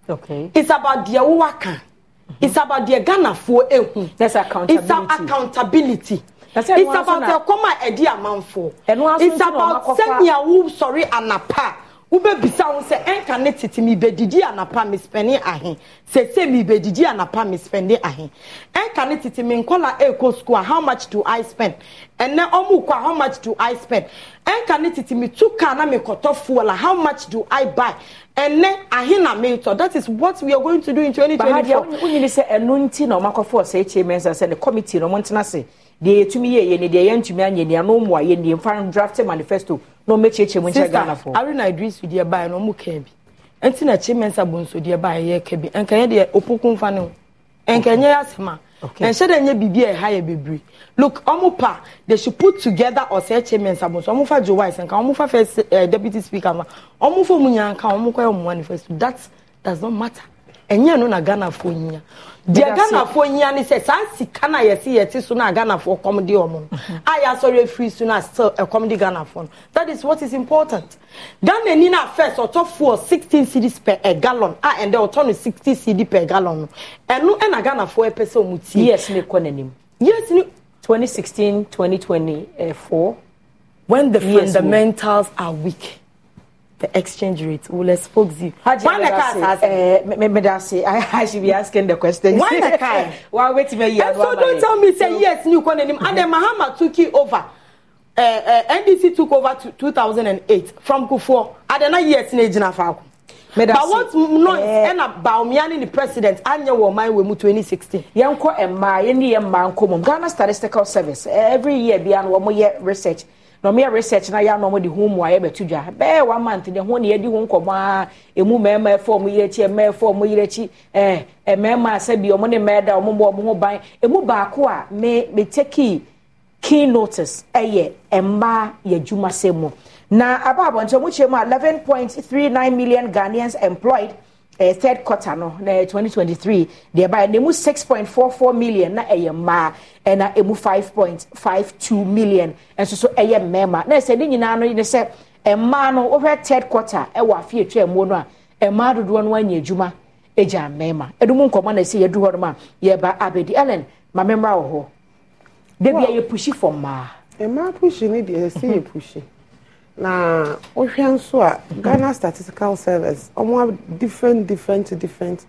Okay. It's about the Awaka. Mm-hmm. It's about the Ghana for Ehu. That's accountability. It's about accountability. That's it's about the Koma Eddie Amanfo. It's about Senya Wu, sorry, Anapa wobɛbisa ho sɛ ɛnka ne tete mebɛdidi anapa mespɛne ahe sɛse mebɛdidi anapa mespɛne ahe ɛnka ne tete me ɛkɔ school how much do i spend ɛnɛ ɔmo kɔ a how much do i spend ɛnka ne tete me tu kaa na mekɔtɔ fuel how much do i buy ɛnɛ ahe na metɔ that is what we are going to do in 2024. bahadi wonyini sɛ ɛno nti na ɔmakɔfo ɔsɛ ɛkyɛ mɛnsa sɛ ne committee na ɔmo ntena se deɛ yɛtumi yɛ yɛ ne deɛ yɛntumi anyɛ ne ano mu a yɛ ne mfa draft manifesto na ɔmo akyerɛkyerɛ mu nkyɛn ghana fo. aruna idris deɛ baa no ɔmo kɛn bi nti na kye mensa bo nso deɛ baa yɛ kɛ bi nkɛnyɛ deɛ opoku nfa ne ho nkɛnyɛ asɛm a nhyɛ dɛ nyɛ biribi a ɛha e, yɛ bebree look ɔmo pa they should put together ɔsɛ kye mensa bo nso ɔmo fa joe wise nka ɔmo fa first eh, deputy speaker ma ɔmo fa ɔmo nyinaa nka ɔmo kɔ yɛ ɔmo manifesto that does not matter ɛnyɛ no na ghanafoɔ nyia deɛ ghanafoɔ nyia ne sɛ saa sika no a yɛte so no a ghanafoɔ kɔm de ɔmo no mhm. a yɛasɔre afiri so no a ɛkɔm de ghanafoɔ no that is what is important ghana ni na first ɔtɔfoɔ 16 cedis per a eh, gallon a ah, ɛndɛ ɔtɔ no 60 CD per gallon no ɛno ɛna ghanafoɔ ɛpɛ sɛ ɔmo tie years ne kɔ n'anim Yes, ne 2016, 2024. when the fundamentals are weak the exchange rate will expose you. One eh, Medasi, I I should be asking the question. One Why wait a year? And so don't tell me say yes, new condemn. And then Mahama took it over. Uh, eh, uh, eh, NDC took over to 2008 from Kufuor. And then I yes, Nejina Falcon. Medasi. But what noise eh, and about me and the president and your mind we move 2016. Yanko and my Indian man come Ghana Statistical Service every year beyond one year research na research na yɛ anɔmo de ho mu a yɛbɛto dwa bɛɛ one month ne ho ne yɛdi ho nkɔmɔ a emu mɛɛma ɛfɔ ɔmo yiri akyi ɛmɛɛ ɛfɔ ɔmo yiri akyi ɛɛ ɛmɛɛma asɛbi ɔmo ne mɛɛ da ɔmo bɔ ɔmo ho ban emu baako a me me take key notice ɛyɛ mmaa yɛ adwuma sɛ mu na aba abɔnten mo kyerɛ mu a eleven point three nine million ghanaians employed uh, third quarter no na 2023 deɛ ba na emu 6.44 million na ɛyɛ mmaa ɛna emu 5.52 million nso eh, so ɛyɛ eh, mmarima na ɛsɛ ne nyinaa no ne sɛ mmaa no wohwɛ third quarter ɛwɔ afi etwa ɛmo no a mmaa dodoɔ no anya adwuma agya mmarima ɛdum nkɔmɔ na ɛsɛ yɛdu hɔ nom a yɛba abedi ellen maame mmerɛ wɔ hɔ debi a pushi for mmaa. mmaa pushi ni deɛ ɛsɛ yɛ pushi na wohwɛ nso a ghana statistical service ɔmo um, a um, different different different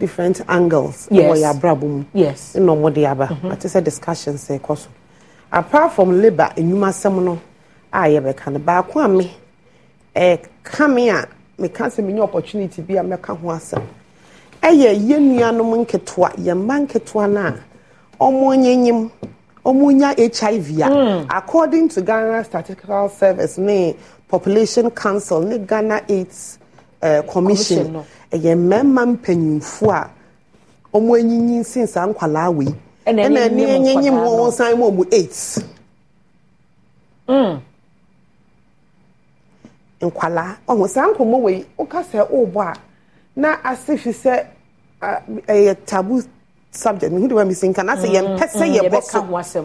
different angles wɔ yɛ abrabɔ mu ɛna ɔmo de aba ate sɛ discussions ɛkɔ so apart from labour enyuma asɛm no a yɛbɛka no baako a me ɛka eh, me a meka sɛ menya opportunity bi a mɛka ho asɛm ɛyɛ yɛn nuanom nketewa yɛn mma nketewa no ɔmo nyɛnyɛm ɔmunya hiv a hmm. according to ghana statistical service ne population council ne ghana aids uh, commission ɛyɛ mmarima mpanyinfo a wɔn anyinyin sin saa nkwalaa wei ɛna ɛni ɛnyɛnyim wɔn wɔn san mu ɔmo aids. Hmm. nkwalaa ɔmo saa nkɔmɔ wei ɔka sɛ ɔɔbɔ a na ase fi sɛ ɛyɛ tabu subject mehude wa mesi nka na sɛ yɛmpɛ sɛ yɛbɔ so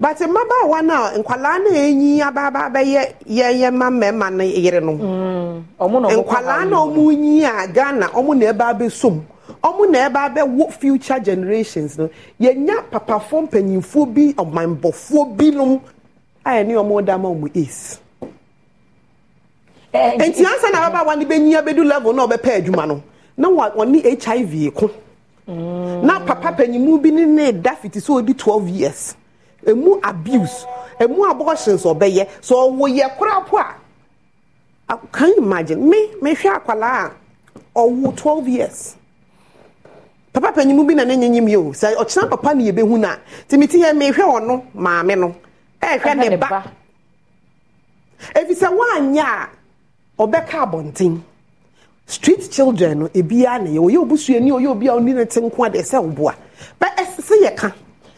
but mmabaawa na a nkwadaa no ɛnyi abaabaa bɛyɛ yɛyɛ ma mmarima na yere no nkwadaa no Nkwala na ɔmo nyi a ghana ɔmo na ɛba som ɔmo na ɛba abɛwo future generations no yɛnya papafoɔ mpanyinfoɔ bi ɔmanbɔfoɔ binom a yɛne ɔmo da ma ɔmo ace nti ansa na ababaawa no benyia bedu level na ɔbɛpɛ adwuma no na wɔne hiv ko. Mm. na papa panyinmu bi ne ne da fiti sɛ ɔdi twelve years emu abuse emu abortions ɔbɛyɛ sɛ ɔwɔ yɛ korapo a can you imagine me mehwɛ akwalaa a ɔwɔ twelve years papa panyinmu bi na ne nyanyim yɛ o sɛ ɔkyerɛ papa ne yɛbɛhu na timiti yɛ mehwɛ ɔno maame no ɛɛhwɛ ne ba efisɛ anya a ɔbɛka abɔnten. street children no ebiara ne yɛ oyɛ obusuani oyɛ obi a oni ne ti nko adeɛ sɛ ɔboa bɛ ɛsɛ yɛ ka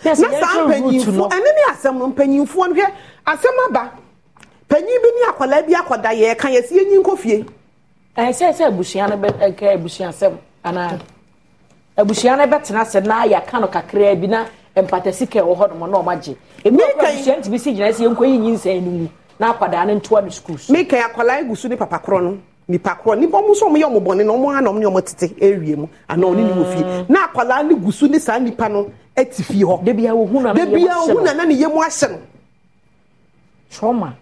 na saa mpanyinfo ɛne ne asɛm no mpanyinfoɔ no hwɛ asɛm aba panyin bi ne akwadaa bi akwadaa yɛ ka yɛsi enyi nkɔ fie. ɛsɛ sɛ abusua no bɛ ɛka abusua asɛm anaa abusua no bɛtena sɛ na yɛ aka no kakraa bi na mpatasi kɛ wɔ hɔnom na ɔma gye ebi akɔ abusua ntumi si gyina sɛ yɛnkɔ yi nyinsɛn no mu na akwadaa no ntoa no schools. mi kɛ akwadaa egu so ne papa korɔ no. nipa korɔ nipa ɔmo nso ɔmo yɛ ɔmo na ɔmo anam ne ɔmo tete ewie mu ana ɔne ne na akwadaa ne gusu ne saa nipa no eti fie hɔ debia ohun na ne yɛ mu ahyɛ no ohun na ne yɛ mu ahyɛ no. trauma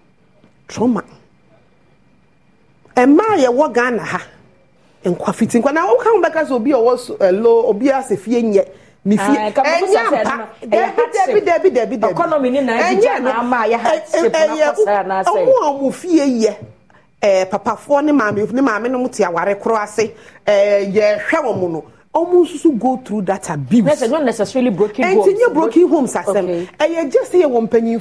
trauma mmaa yɛwɔ ghana ha nkwa fiti nkwa na ɔka ho obi a ɔwɔ ɛlo obi asɛ fie nyɛ ne fie ɛnyɛ mpa ɛnyɛ a Eh, papafoɔ ne maame ne maame no te aware koro ase eh, yɛhwɛ wɔn mu no wɔn nso go through that abuse. Yes, not necessarily broken homes. Ɛntinyɛ broken homes asɛm. Ɛyɛ gye sɛ yɛ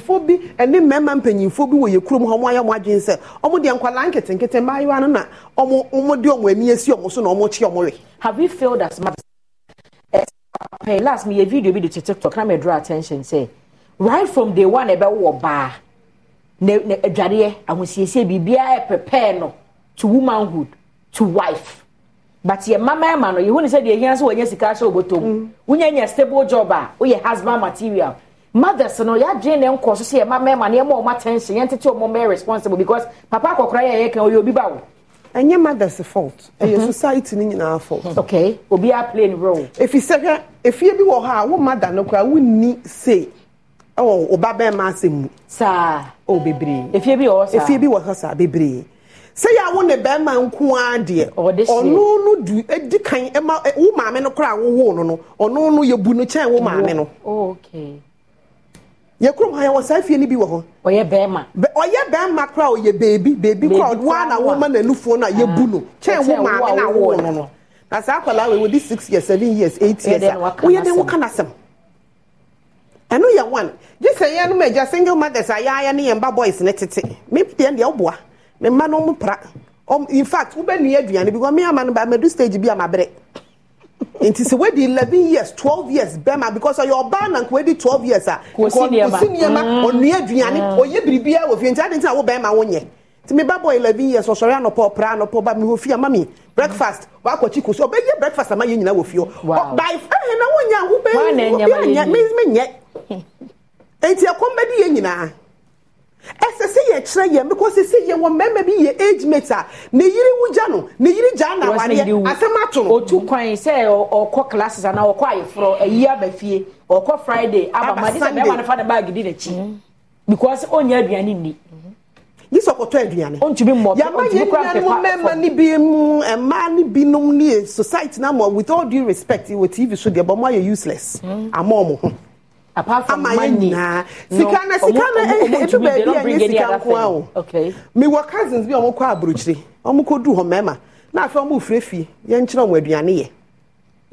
wɔ bi ɛne mmarima mpanyinfoɔ bi wɔ yɛ kurom hɔ wɔn ayɛ wɔn adwene sɛ wɔn deɛ nkwadaa nketenkete mmaayewa no na wɔn wɔn de wɔn ani asi wɔn so na wɔn akyi wɔn we. Have you failed as mothers? Eh, last me yɛ video bi de to TikTok na mi draw attention say right from day one ɛbɛ baa. na na adwareɛ ahosiesie biribiara prepare no to womanhood to wife but yɛ mmamarima no yehu ne sɛ deɛ ehia nso wɔnyɛ sika ahyɛ oboto mu mm. wonya nya stable job a woyɛ husband material mothers no yɛadwene ne nkɔ so sɛ yɛ mmamarima no yɛma wɔn attention yɛn tete wɔn mɛ responsible because papa akɔkora yɛ yɛ kan oyɛ obi ba wo. ɛnyɛ mothers fault ɛyɛ mhm. society no nyinaa fault. okay obiara play ne role. efisɛ hwɛ efie bi wɔ hɔ a wo mother no kora wo ni say ɛwɔ ɔba bɛrima asɛm mu. saa o bebree. efie bi wɔ hɔ saa efie bi wɔ hɔ saa bebree. sɛyɛ awo ne bɛrima nko ara deɛ ɔno no du edi kan ɛma wo maame no koraa wowo no no ɔno no yɛ bu no kyɛn wo maame no. Oh, yɛ kurom ha yɛ wɔ saa fie no bi wɔ hɔ. ɔyɛ bɛrima. ɔyɛ bɛrima koraa ɔyɛ beebi beebi koraa ɔdoa na wɔma n'anufoɔ no a yɛ bu no ah, kyɛn wo maame na wowo no no na saa akwadaa wɔ wɔdi six years seven years eight years a woyɛ den wo kan asɛm ɛno yɛ one gye sɛ yɛn no ma agya single mothers a yɛayɛ ne yɛn ba boys ne tete mebi deɛ deɛ woboa me mma no ɔmo pra ɔm in fact wobɛnua aduane because me ama no ba madu stage bi a mabrɛ nti sɛ wadi 11 years 12 years bɛma because ɔyɛ ɔbaa na nka wadi 12 years a kɔsi nneɛma ɔnua aduane ɔyɛ biribiara wɔ fie nti adi nti na wo bɛrima wonyɛ nti me ba bɔ 11 years ɔsɔre anɔpɔ ɔpra anɔpɔ ba mi wɔ fie ama mi breakfast wakɔkyi kuro so ɔbɛyɛ breakfast ama yɛn nyinaa wɔ fie hɔ by ɛhɛn eh, na wɔn nya wo bɛyɛ obi anya mi nyɛ nti ɛkɔm bɛ di yɛn nyinaa ɛsɛ sɛ yɛkyerɛ yɛn because sɛ yɛwɔ mmarima bi yɛ age mate a ne yiri wugya no ne yiri gya na awareɛ asɛm ato no. otu kwan sɛ ɔkɔ classes ana ɔkɔ ayeforɔ ayi aba fie ɔkɔ friday aba madi sɛ bɛrɛ ma ne fa ne baagi di n'akyi because onye aduane ni. Mm-hmm gye sɛ ɔkɔtɔ aduane ɔntumi mmɔ yaba yɛ nuanom mmarima no bi mu mmaa no binom ne society no ama with all due respect wɔ tv so deɛ bɔmmɔ ayɛ useless hmm. ama ɔmo ho apart from Ama money. Nah. Eh, eh, sika na sika na ebi baabi a nye sika nko a o. Mi wɔ cousins bi a wɔn kɔ aburukyire, wɔn kɔ du hɔ mɛma, na afɛ wɔn fure fie, yɛn kyerɛ wɔn aduane yɛ.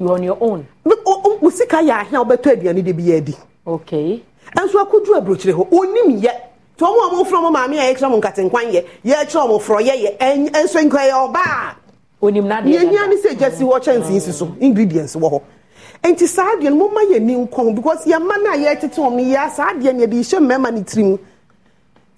You on your own. O o sika yɛ ahia a wɔbɛtɔ aduane de bi yɛ adi. Okay. Nso akɔ du aburukyire hɔ, onim yɛ nti wɔn a wɔfrɛ wɔn maame a yɛkyerɛ wɔn nkatenkwan yɛ yɛkyerɛ wɔn frɔyɛ yɛ nso nkura yɛ ɔbaa onim n'adeɛ yɛn hiã ne sɛ gya si hɔ si so ingredients wɔ hɔ nti saa adeɛ no mo yɛ ni nkɔn because yɛn mma no a yɛtete wɔn no yɛ saa adeɛ no yɛde yɛ mmarima ne tiri mu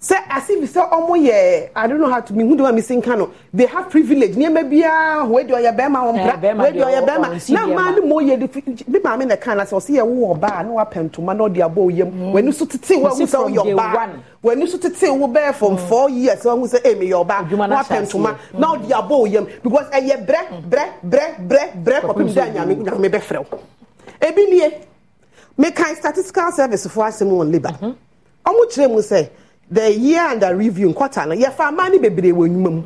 sɛ asibi sɛ ɔmo yɛ i don't know how to mihu de wa mi si nka no they have privilege nneɛma biara wei de ɔyɛ bɛrima wɔn pra wei de ɔyɛ bɛrima na maa ni mo yɛ de bi maame na kan na sɛ ɔsi yɛ wo ɔbaa na wa pɛntoma na ɔde abɔ oyam mm. wɛni so tete wo ɛmu sɛ ɔyɛ ɔbaa wɛni so tete wo bɛɛ from mm. four years ɛmu sɛ ɛmi yɛ ɔbaa na wa pɛntoma na ɔde mm. abɔ oyam because ɛyɛ brɛ brɛ brɛ brɛ brɛ kɔpem de anyame nyame bɛ frɛw ebi nie mekan statistical service fo asɛm wɔn labour ɔmo kyerɛ mu sɛ the year under review nkɔta no yɛfa mmaa no bebree wɔ nnwuma mu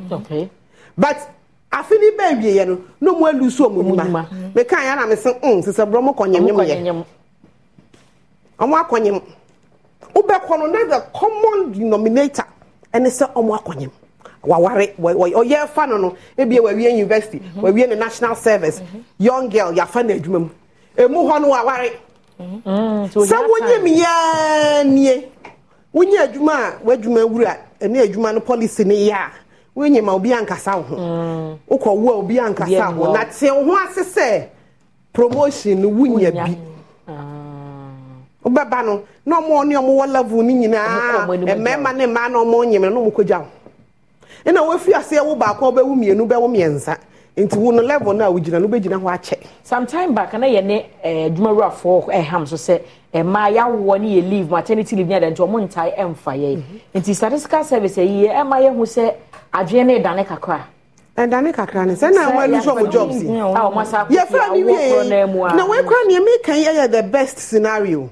but afi ni bɛɛ wie yɛ no so ɔmo nnwuma meka yɛ na me se mm sisɛ borɔ mo kɔnyɛmnyɛm yɛ ɔmo akɔnyɛm wobɛkɔ no na the common denominator ɛne sɛ ɔmo akɔnyɛm waware ɔyɛ oh, fa no no wawie university mm-hmm. wawie ne national service mm-hmm. young girl yafa na adwuma mu emu hɔ no waware sɛ wonye adwuma a w'adwuma wura ɛne adwuma no policy ne yɛ a wonye ma obi ankasa ho mm. wokɔ wo a obi ankasa ho na te ho ase sɛ promotion no wonya bi ah. wobɛba no na ɔmo ne ɔmo wɔ level no nyinaa mmarima ne mmaa na ɔmo nyim no na ɔmo kɔgya ho ɛna woafi aseɛ wo baako a wobɛwo mmienu bɛwo mmiɛnsa nti wo no level no a wogyina no wobɛgyina ho akyɛ sometime back na yɛ ne adwumawerɛfoɔ eh, ɛham eh, so sɛ eh, mmaa yɛawoɔ ne yɛ leave maternity leave ne adɛ nti ɔmo ntae ɛmfa yɛi mhm. nti statistical service ayiɛ ɛma yɛhu sɛ adwene ne ɛdane kakra ɛdane kakra ne sɛ na wɔalu so ɔmo jobs yɛfra ne wie na wɔakora neɛ meka yi ɛyɛ the best scenario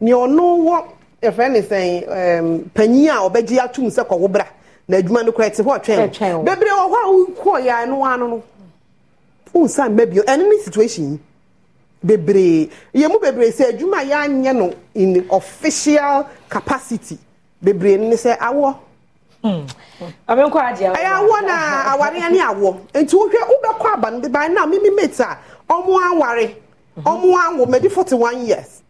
neɛ ɔno wɔ ɛfrɛ ne sɛn panyin a ɔbɛgye atom sɛ kɔwo bra na adwuma no koraa te hɔ twɛn bebree wɔ hɔ a wokɔ yɛ ano ano no wonsan mma bio ɛno ne situation yi bebree yɛn mu bebree sɛ adwuma yɛanyɛ no in official capacity bebree no ne sɛ hmm. awɔ ɛyɛ awɔ na awareɛ ne awɔ nti wohwɛ wobɛkɔ aba no bebae na mimi mate a ɔmo aware mhm. ɔmo awɔ madi forty one years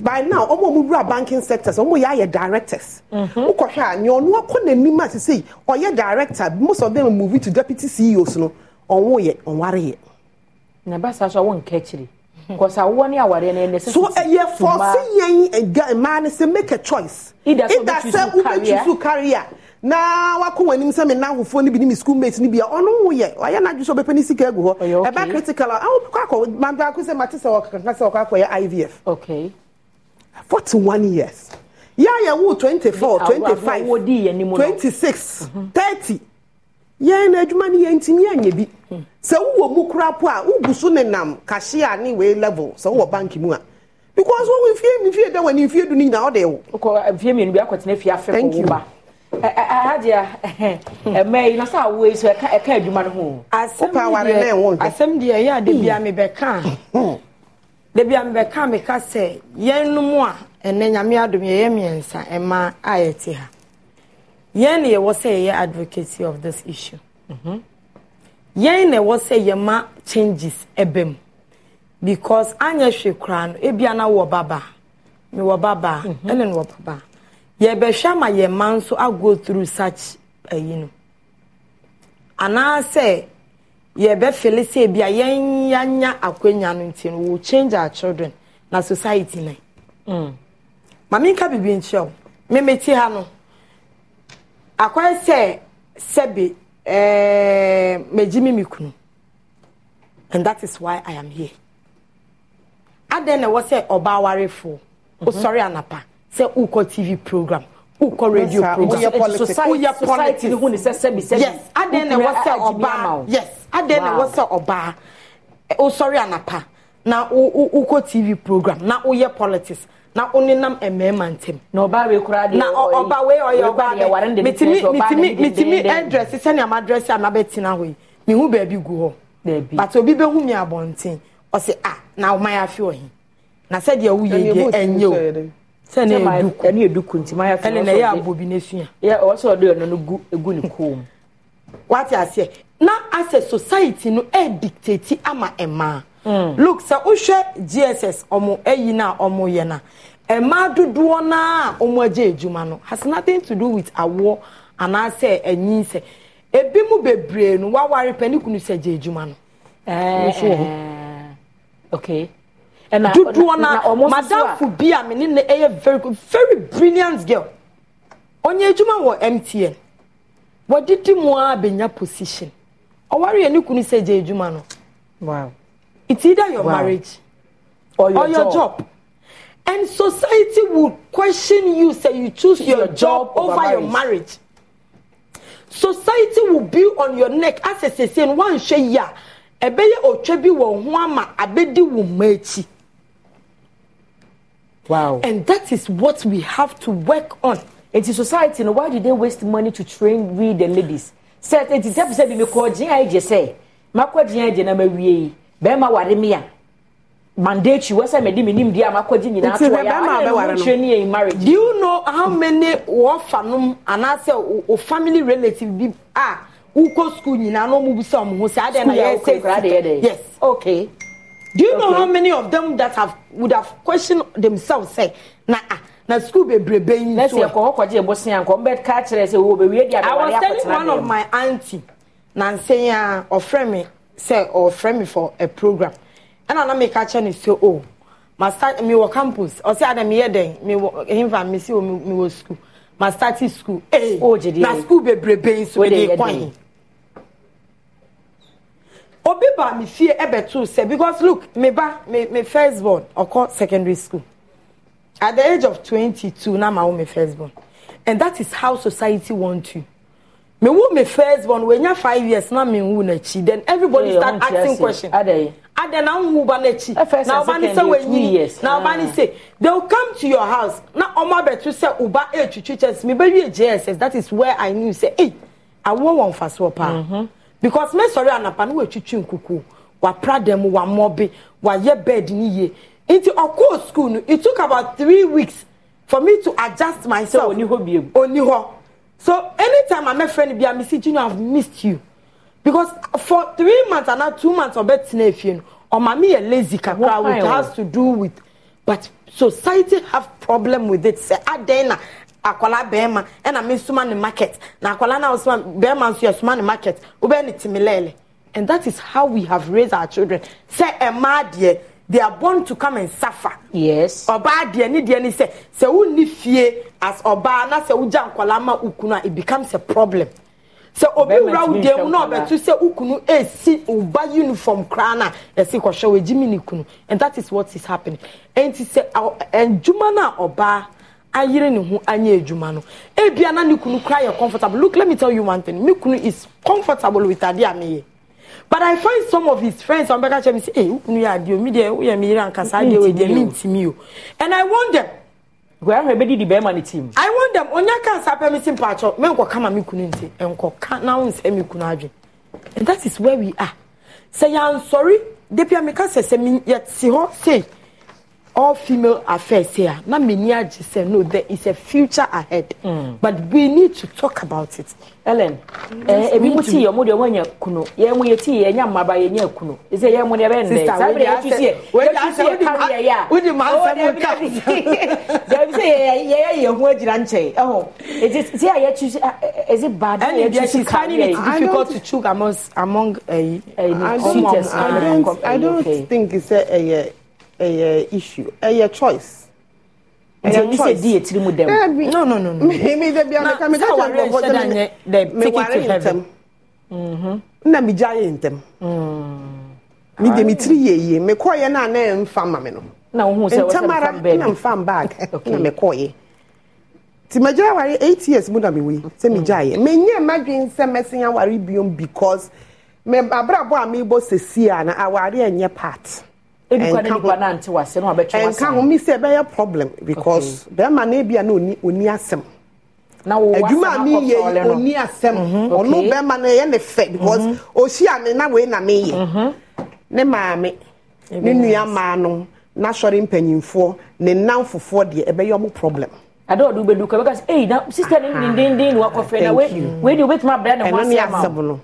by now ọmọ ọmọ wura banking sectors ọmọ yà yẹ directors wọkọhwẹ a ní ọnu akọ n'anim a sisi ọyẹ director most of them move to deputy ceos no ọwọ yẹ ọware yẹ. na basa sọ wọn nkẹkyiri because awọn ni awari ẹni ẹni ẹsẹ so ẹyẹ fọsi yẹn ẹga mmaa ni sẹ make a choice ida sẹ wọbẹ tutu career na wakọ wọn anim sẹ mi n'ahofo ni bi ni mi school mate ni bi a ọno wo yẹ ọyẹ n'adu sọ bẹpẹ ni sika egu hɔ ɛbɛ critical a awo kɔ akɔ maa baako sɛ maa ti sɛ ɔkankan sɛ ɔkɔ akɔ yɛ ivf. Okay forty one years yà yẹ wù twenty four twenty five twenty six thirty yẹn na adwuma ni yẹn ntumi anya bi who will mu kura po a wogu so nenam cashier ne wei level sɛ wowɔ bank mu a because wɔn nfie nfie da wɔn nfie du ne nyinaa we ewu. okɔ nfie mienu bi akɔtena fie afɛ kɔ woba ahadeɛ ɛmɛ yi na sɛ awo yi so ɛka ɛka adwuma no ho. asɛm deɛ asɛm deɛ yɛ ade bia mi bɛ dabi a mbɛka meka sɛ yɛn no a ɛnɛ nyame adom yɛyɛ mmiɛnsa ɛma a yɛte ha yɛn na yɛwɔ sɛ yɛyɛ advocacy of this issue mhm. yɛn e na ɛwɔ sɛ yɛma changes ɛbɛ because anyɛ hwɛ koraa no ebia na wɔ baba mewɔ baba ɛne mhm. no wɔ baba yɛbɛhwɛ ama yɛn ma nso ago through such ɛyi eh, no anaasɛ yɛbɛfele sɛ bia yɛnyanya akwanya no nti no will change our children na society na mm. mame nka biribi nkyerɛ wo memete ha no Akwa sɛ sebe eh, magyi me me kunu and that is why i am here adɛn na ɛwɔ sɛ ɔbaa warefoɔ wosɔre mhm. anapa sɛ wokɔ tv program ukɔ redio program society society ni hu ni sɛ sɛbi sɛbi yes adan na ɛwɔ sɛ ɔbaa yes adan na ɛwɔ sɛ ɔbaa osɔre anapa na ukɔ tv program na oyɛ politics na onenam mmarima ntɛm. na ɔbaa wei koraa deɛ na ɔbaa wei ɔyɛ ɔbaa de mitimi mitimi mitimi ɛdrɛsi sɛnea ma drɛsi a ma bɛ tena hɔ yi mihu baabi gu hɔ baabi bàtà obi bɛ hu mi abɔnten ɔsi a na ɔman afi ɔhin na sɛdeɛ wuyɛ deɛ ɛnyɛ o. sani eduku ɛni eduku nti maa yafe ɛni na yɛ abo bi n'esua ya. ɔsɛ ɔde ɔno no gu egu ne kɔn mu wate aseɛ na asɛ society no ɛdictate ama ɛmaa mm. look sɛ wohwɛ gss ɔmo ɛyi na ɔmo yɛ na ɛmaa dodoɔ naa ɔmo agye adwuma no has nothing to do with awoɔ anaasɛ ɛnyin sɛ ebi mu bebree no waware pɛ ne kunu sɛ gye adwuma no ɛɛ ɛɛ okay. dodoɔ na madamfo bi a me ne ɛyɛ very good very brilliant girl onye adwuma wɔ mtn wɔdidi mu a benya position ɔware yɛ ne kunu sɛ gye adwuma no wow it's either your wow. marriage or your, or your job. job and society will question you say you choose your, your job, job over your marriage society will build on your neck as a sese one hwɛ ya. a ɛbɛyɛ otwa bi wɔ ho wo mechi. Wow. And that is what we have to work on. It is society. Now, why do they waste money to train we the ladies? Said it is episode me call Jia Ije say. Makwa Jia Ije na mewie. Bema ware me a. Mandate you wasa me di me nim dia makwa Jia na to ya. Training in marriage. Do you know how many orphanum and as o family relative be ah, who go school nyina no mu bi say omo ho say na yes. Okay do you okay. know how many of them that have would have questioned themselves say na ah na school bebrebe yi nso ɛ. lẹsẹ ɛkọ ọkọ jẹ ẹbọ sin ká kyerẹ sẹ wo bewie di abẹwari akọtena dẹ. i was telling one of my aunty nansi ya ɔfrɛ mi sɛ ɔfrɛ mi for a program ɛna na mi ka kyerɛ ne sɛ o ma start mi wɔ campus ɔsi adam mi yɛ dɛn mi wɔ ehimfa mi si wɔ mi wɔ school ma start school ee oh, na school bebrebe nso mi de kɔn yi obi ba me fie ɛbɛto sɛ because look me ba me me first born ɔkɔ secondary school at the age of twenty two na ma wo me first born and that is how society want you me wo me first born wey nya five years na me wo n'akyi then everybody yeah, start asking questions. question adan na wo ba n'akyi na ɔba ni sɛ wɔnyi na ɔba ah. ni sɛ they will come to your house na ɔmo abɛto sɛ ɔba etutu chest me bɛ wie jss that is where i knew say eh awo wɔn fa so paa. Mm -hmm because me sɔre anapa no wɔatwitwi nkukuo wapra dɛm wa ye bed ni yie nti ɔkɔɔ school no it took about three weeks for me to adjust myself. sɛ oni hɔ biem oni so anytime i'm efrɛ ni bi amisi, say junior i've missed you because for three months and now two months ɔbɛ tena efie no ɔmaami yɛ lazy kakra with has to do with but society have problem with it sɛ adan na. akwala ɛna market na akwala na nso yɛ market and that is how we have raised our children sɛ ɛmaa deɛ they are born to come and suffer. yes ɔbaa deɛ ne deɛ ne sɛ sɛ wonni fie as ɔbaa na sɛ wogya nkwala ma a it becomes a problem sɛ obi wura wo deɛ mu na ɔbɛto sɛ ukunu esi ɔba uniform koraa na yɛsi kɔhwɛ wɔ egyimi ne kunu and that is what is happening ɛnti sɛ ɛdwuma na ɔbaa. ayere ne ho anya adwuma no ebia na ne kunu kura yɛ comfortable look let me tell you one thing me kunu is comfortable with adeɛ a meyɛ but i find some of his friends ɔn bɛka kyerɛ mi sɛ ee wukunu yɛ adeɛ omi deɛ woyɛ mi yere ankasa adeɛ wɔ deɛ mi ntumi o and i want them. gbɛɛ ahwɛ bɛdi di bɛrima ne tim. i want them onya kansa pɛ mi si mpatsɔ mɛ nkɔka ma mi kunu nti nkɔka n'ahun sɛ mi kunu adwe and that is where we are sɛ yan sɔri depi amika sɛ sɛ mi yɛ si hɔ sei. all female affairs here. Not many are just no, there is a future ahead. Mm. But we need to talk about it. Ellen, hmm. ebi eh, mu ti yɛn mu deɛ wɔnyɛ kunu yɛn mu yɛ ti yɛn nyɛ mmaba yɛn nyɛ kunu ɛsɛ yɛn mu deɛ bɛ nnɛ saa bɛ yɛn tusi yɛ yɛn tusi yɛ kam yɛ yɛ a wodi ma nsɛm mu ka dɛbi sɛ yɛ yɛ yɛ ho agyina nkyɛn ɛho ɛti si a yɛ tusi ɛsi baadu yɛ tusi kam yɛ yɛ it's difficult to choose among among ɛyi ɛyi suitors. I don't think sɛ ɛyɛ. ɛyɛ issue ɛyɛ choice. ɛyɛ choice ɛyɛ di etiri mu dɛm. no no no no. mi de bi ameka mi ka kyerɛ nkɔfɔ de mi de mi ware ntɛm. Mhm. na mi gya yɛ ntɛm. mi mm. de mi tiri yɛ yie mi kɔɔ yɛ na ne yɛ nfa ma mi no. na ohun sɛ wɔsɛ nfa bɛɛ na nfa baag na mi kɔɔ yɛ ti ma gya awari eight years mu na mi wi sɛ mi mm. gya yɛ mɛ nyɛ mma dwi nsɛm mɛsɛn awari biom because mɛ abrabɔ a mi bɔ sɛsi a na awari yɛ nyɛ part nka ho mi sɛ ɛbɛyɛ problem because bɛrima no ebia na oni oni asɛm adwuma a mi yɛ oni asɛm mhm, ɔno bɛrima no ɛyɛ ne fɛ because mhm. osi a ne na wei na mi yɛ mhm. ne maame ne nua maa no n'asɔre mpanyinfoɔ ne nan fofoɔ deɛ ɛbɛyɛ ɔmo problem. ada ɔdo bɛ du ka bɛ ka sɛ eyi na sista ne ni denden ni wakɔfɛ na wei wei de o bɛ tuma abira ne ho asɛm a ɛno ne asɛm no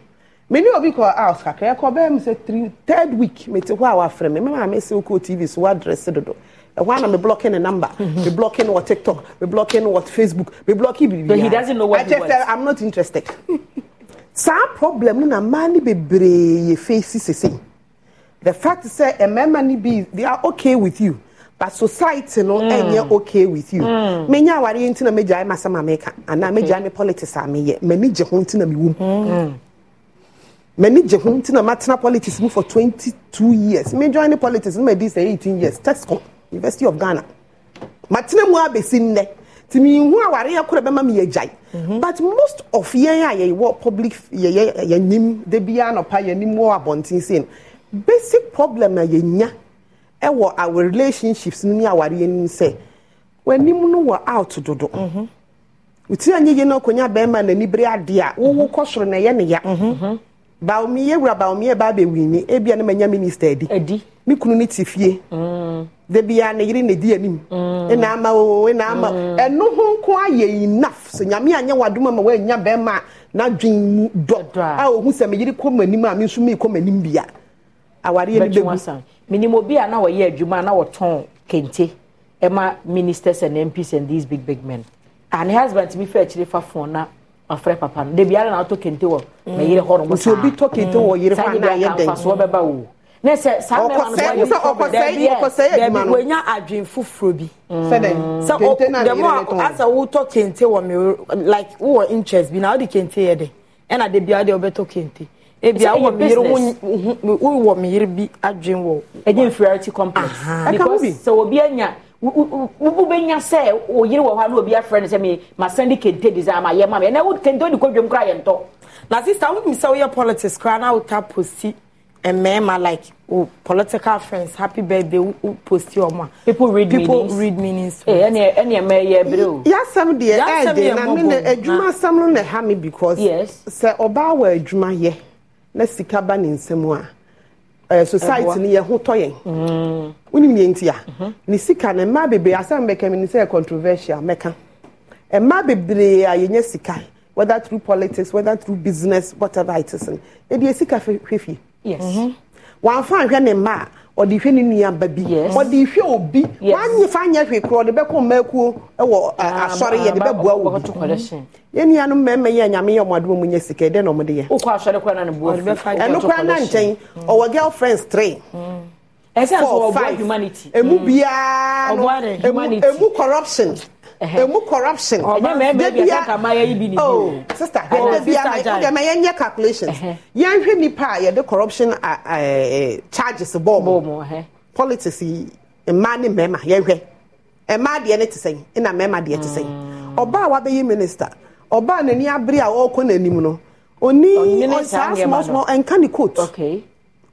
me ne obi kɔ house kakra ɛkɔ bɛyɛ mi sɛ three third week me te hɔ a wafrɛ me mama mi sɛ okɔ tv so wadrɛse dodo ɛhɔ ana me blɔki ne number mhm. me blɔki ne wɔ tiktok me blɔki ne wɔ facebook me blɔki biribi but he doesn't know what i'm not interested saa problem no na mmaa ne bebree yɛ face sese the fact sɛ mmarima ne bi they are okay with you but society no mm. ɛnyɛ okay with you mm. menya awari nti na megya ayɛ masam ameka anaa megya ayɛ me politics a meyɛ m'ani gye ho nti na mewom. Mm m'ani gye ho nti na matena politics mu for twenty two years me join politics na ma di sɛ eighteen years tesco university of ghana matena mu abesi nnɛ ti mi hu aware yɛ kora bɛma mi yɛ gyae mhm. but most of yɛn a yɛwɔ public yɛyɛ yɛnim de bi anɔpa yɛnim wɔ abɔnten sei no basic problem a yɛnya ɛwɔ our relationships ne aware yɛn nim sɛ w'anim no wɔ out dodo. Mm -hmm. wotiri anyɛ yie no akɔnya bɛrima n'ani bere adeɛ a wowo kɔ soro na ɛyɛ ne ya. Mm -hmm baomi ewura baomi eba bewi ni ebi ne ma nya minista edi edi mi kunu ni ti fie debia mm. ne yiri ne di anim ɛna mm. e ama o ɛna e ama ɛno mm. ho nko ayɛ enough so nyame anya wadoma ma wanya bɛrima na dwen mu dɔ a ohun sɛ me yiri kɔ mu anim a mi nso mi kɔ mu anim bia awareɛ ne bɛgu minim obi a na wɔyɛ adwuma na wɔtɔn kente ɛma ministers and mps and these big big men and husband mi fɛ akyire fa fɔn na afrɛ papa no debi ara na ato kente wɔ mm. mɛ yere hɔ nom saa nti obi to kente wɔ yere hɔ anaa yɛ dɛn saa bɛba wo ne sɛ saa mɛma no wɔyɛ fɔbi dɛbi yɛ dɛbi wonya adwin foforɔ bi sɛ mm. o dɛmo a asa wotɔ kente wɔ mɛ like wowɔ interest bi na ɔde kente yɛ dɛ ɛna debi ara deɛ ɔbɛtɔ kente ebi a wowɔ meyere wowɔ meyere bi adwin wɔ ɛgye inferiority complex because sɛ obi anya wobɛnya sɛ oyere wɔ hɔ a na obi afrɛ no sɛ masɛnde kente de sɛ ama yɛ ma me ɛnɛ wo kente odi kɔdwam koraa yɛntɔ na sista wonim sɛ woyɛ politics koraa na wota posi mmarima like wo political friends happy birthday wo posti ɔmo a people read people meanings read meanings ɛne eh, ɛne ɛmɛ yɛ ebere o yasɛm deɛ ɛyɛ eh, de na me eh, na adwuma asɛm no na ɛha me because yes sɛ ɔbaa wɔ adwuma yɛ na sika ba ne nsam a ɛɛ eh, society ni yɛn ho tɔ yɛn mm. wúni mi yẹn ti a mm-hmm. ne sika no mmaa bebree asɛm bɛka mi ni sɛ controversial mɛka eh, mmaa bebree a yɛnyɛ sika whether through politics whether through business whatever it is yɛ de sika hwɛ fie. yes mm-hmm. wɔn afa ahwɛ ne mmaa ɔde ah, hwɛ ne nuaba bi ɔde hwɛ obi wanyɛ fa anyɛ hwee korɔ ɔde bɛkɔ mmakuo wɔ asɔre yɛde bɛboa wo bi yɛn nuanom mmarima yɛ nyame yɛ ɔmo adomo mu nyɛ sika ɛdɛ na ɔmo de yɛ ɛno koraa na nkyɛn ɔwɔ girlfriends three mm. four five emu mm. biara no emu corruption. emu corruption oh, sister ɛdebia ma yɛnyɛ calculations yɛnhwɛ nnipa a yɛde corruption charges bɔɔ mu politics yi mmaa ne mmarima yɛhwɛ mmaa deɛ ne te sɛn na mmarima deɛ te sɛn mm. ɔbaa a wabɛyɛ minister ɔbaa n'ani abere a ɔrekɔ n'anim no oni ɔsaa small small ɛnka ne coat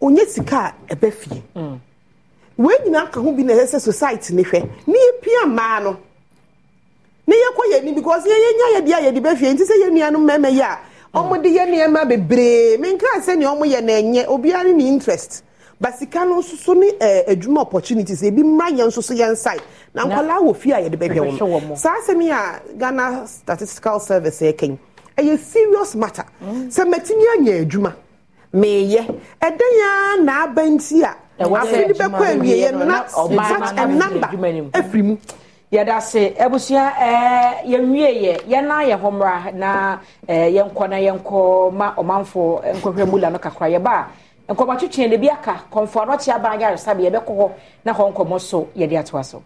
onye sika a ɛbɛ fie mm. wɔn nyinaa ka ho bi na ɛsɛ society ne hwɛ ne yɛ pia mmaa no. ne yɛkɔ yɛ ni because yɛ yɛnya yɛ deɛ yɛde bɛfie nti sɛ yɛ nuanom mɛmɛ yɛ a wɔn mm. de yɛ nneɛma bebree menkra sɛ nea wɔn yɛ na ɛnyɛ obiara ne interest but sika no nso so ɛɛ eh, adwuma opportunities ebi mmra yɛn nso so yɛn side. na nkwadaa wɔ fie a yɛde bɛhwɛ wɔn saa asɛm yi a ghana statistical service ɛkɛn ɛyɛ serious matter mm. sɛ mɛtumi anya adwuma meyɛ ɛdɛn a na aba nti a afei de bɛkɔ awieɛ no na such a number ɛfiri mu yɛda se abusua ɛɛ eh, yɛnwie yɛ yɛna yɛn hɔ mmra na ɛɛ eh, yɛnkɔ na yɛnkɔ ma ɔmanfo nkɔhwɛ mula no kakra yɛba a nkɔmɔ atwitwi na ebi aka kɔnfo anɔkye aban yare sabi yɛbɛkɔ hɔ na hɔ nkɔmɔ so yɛde atoa so.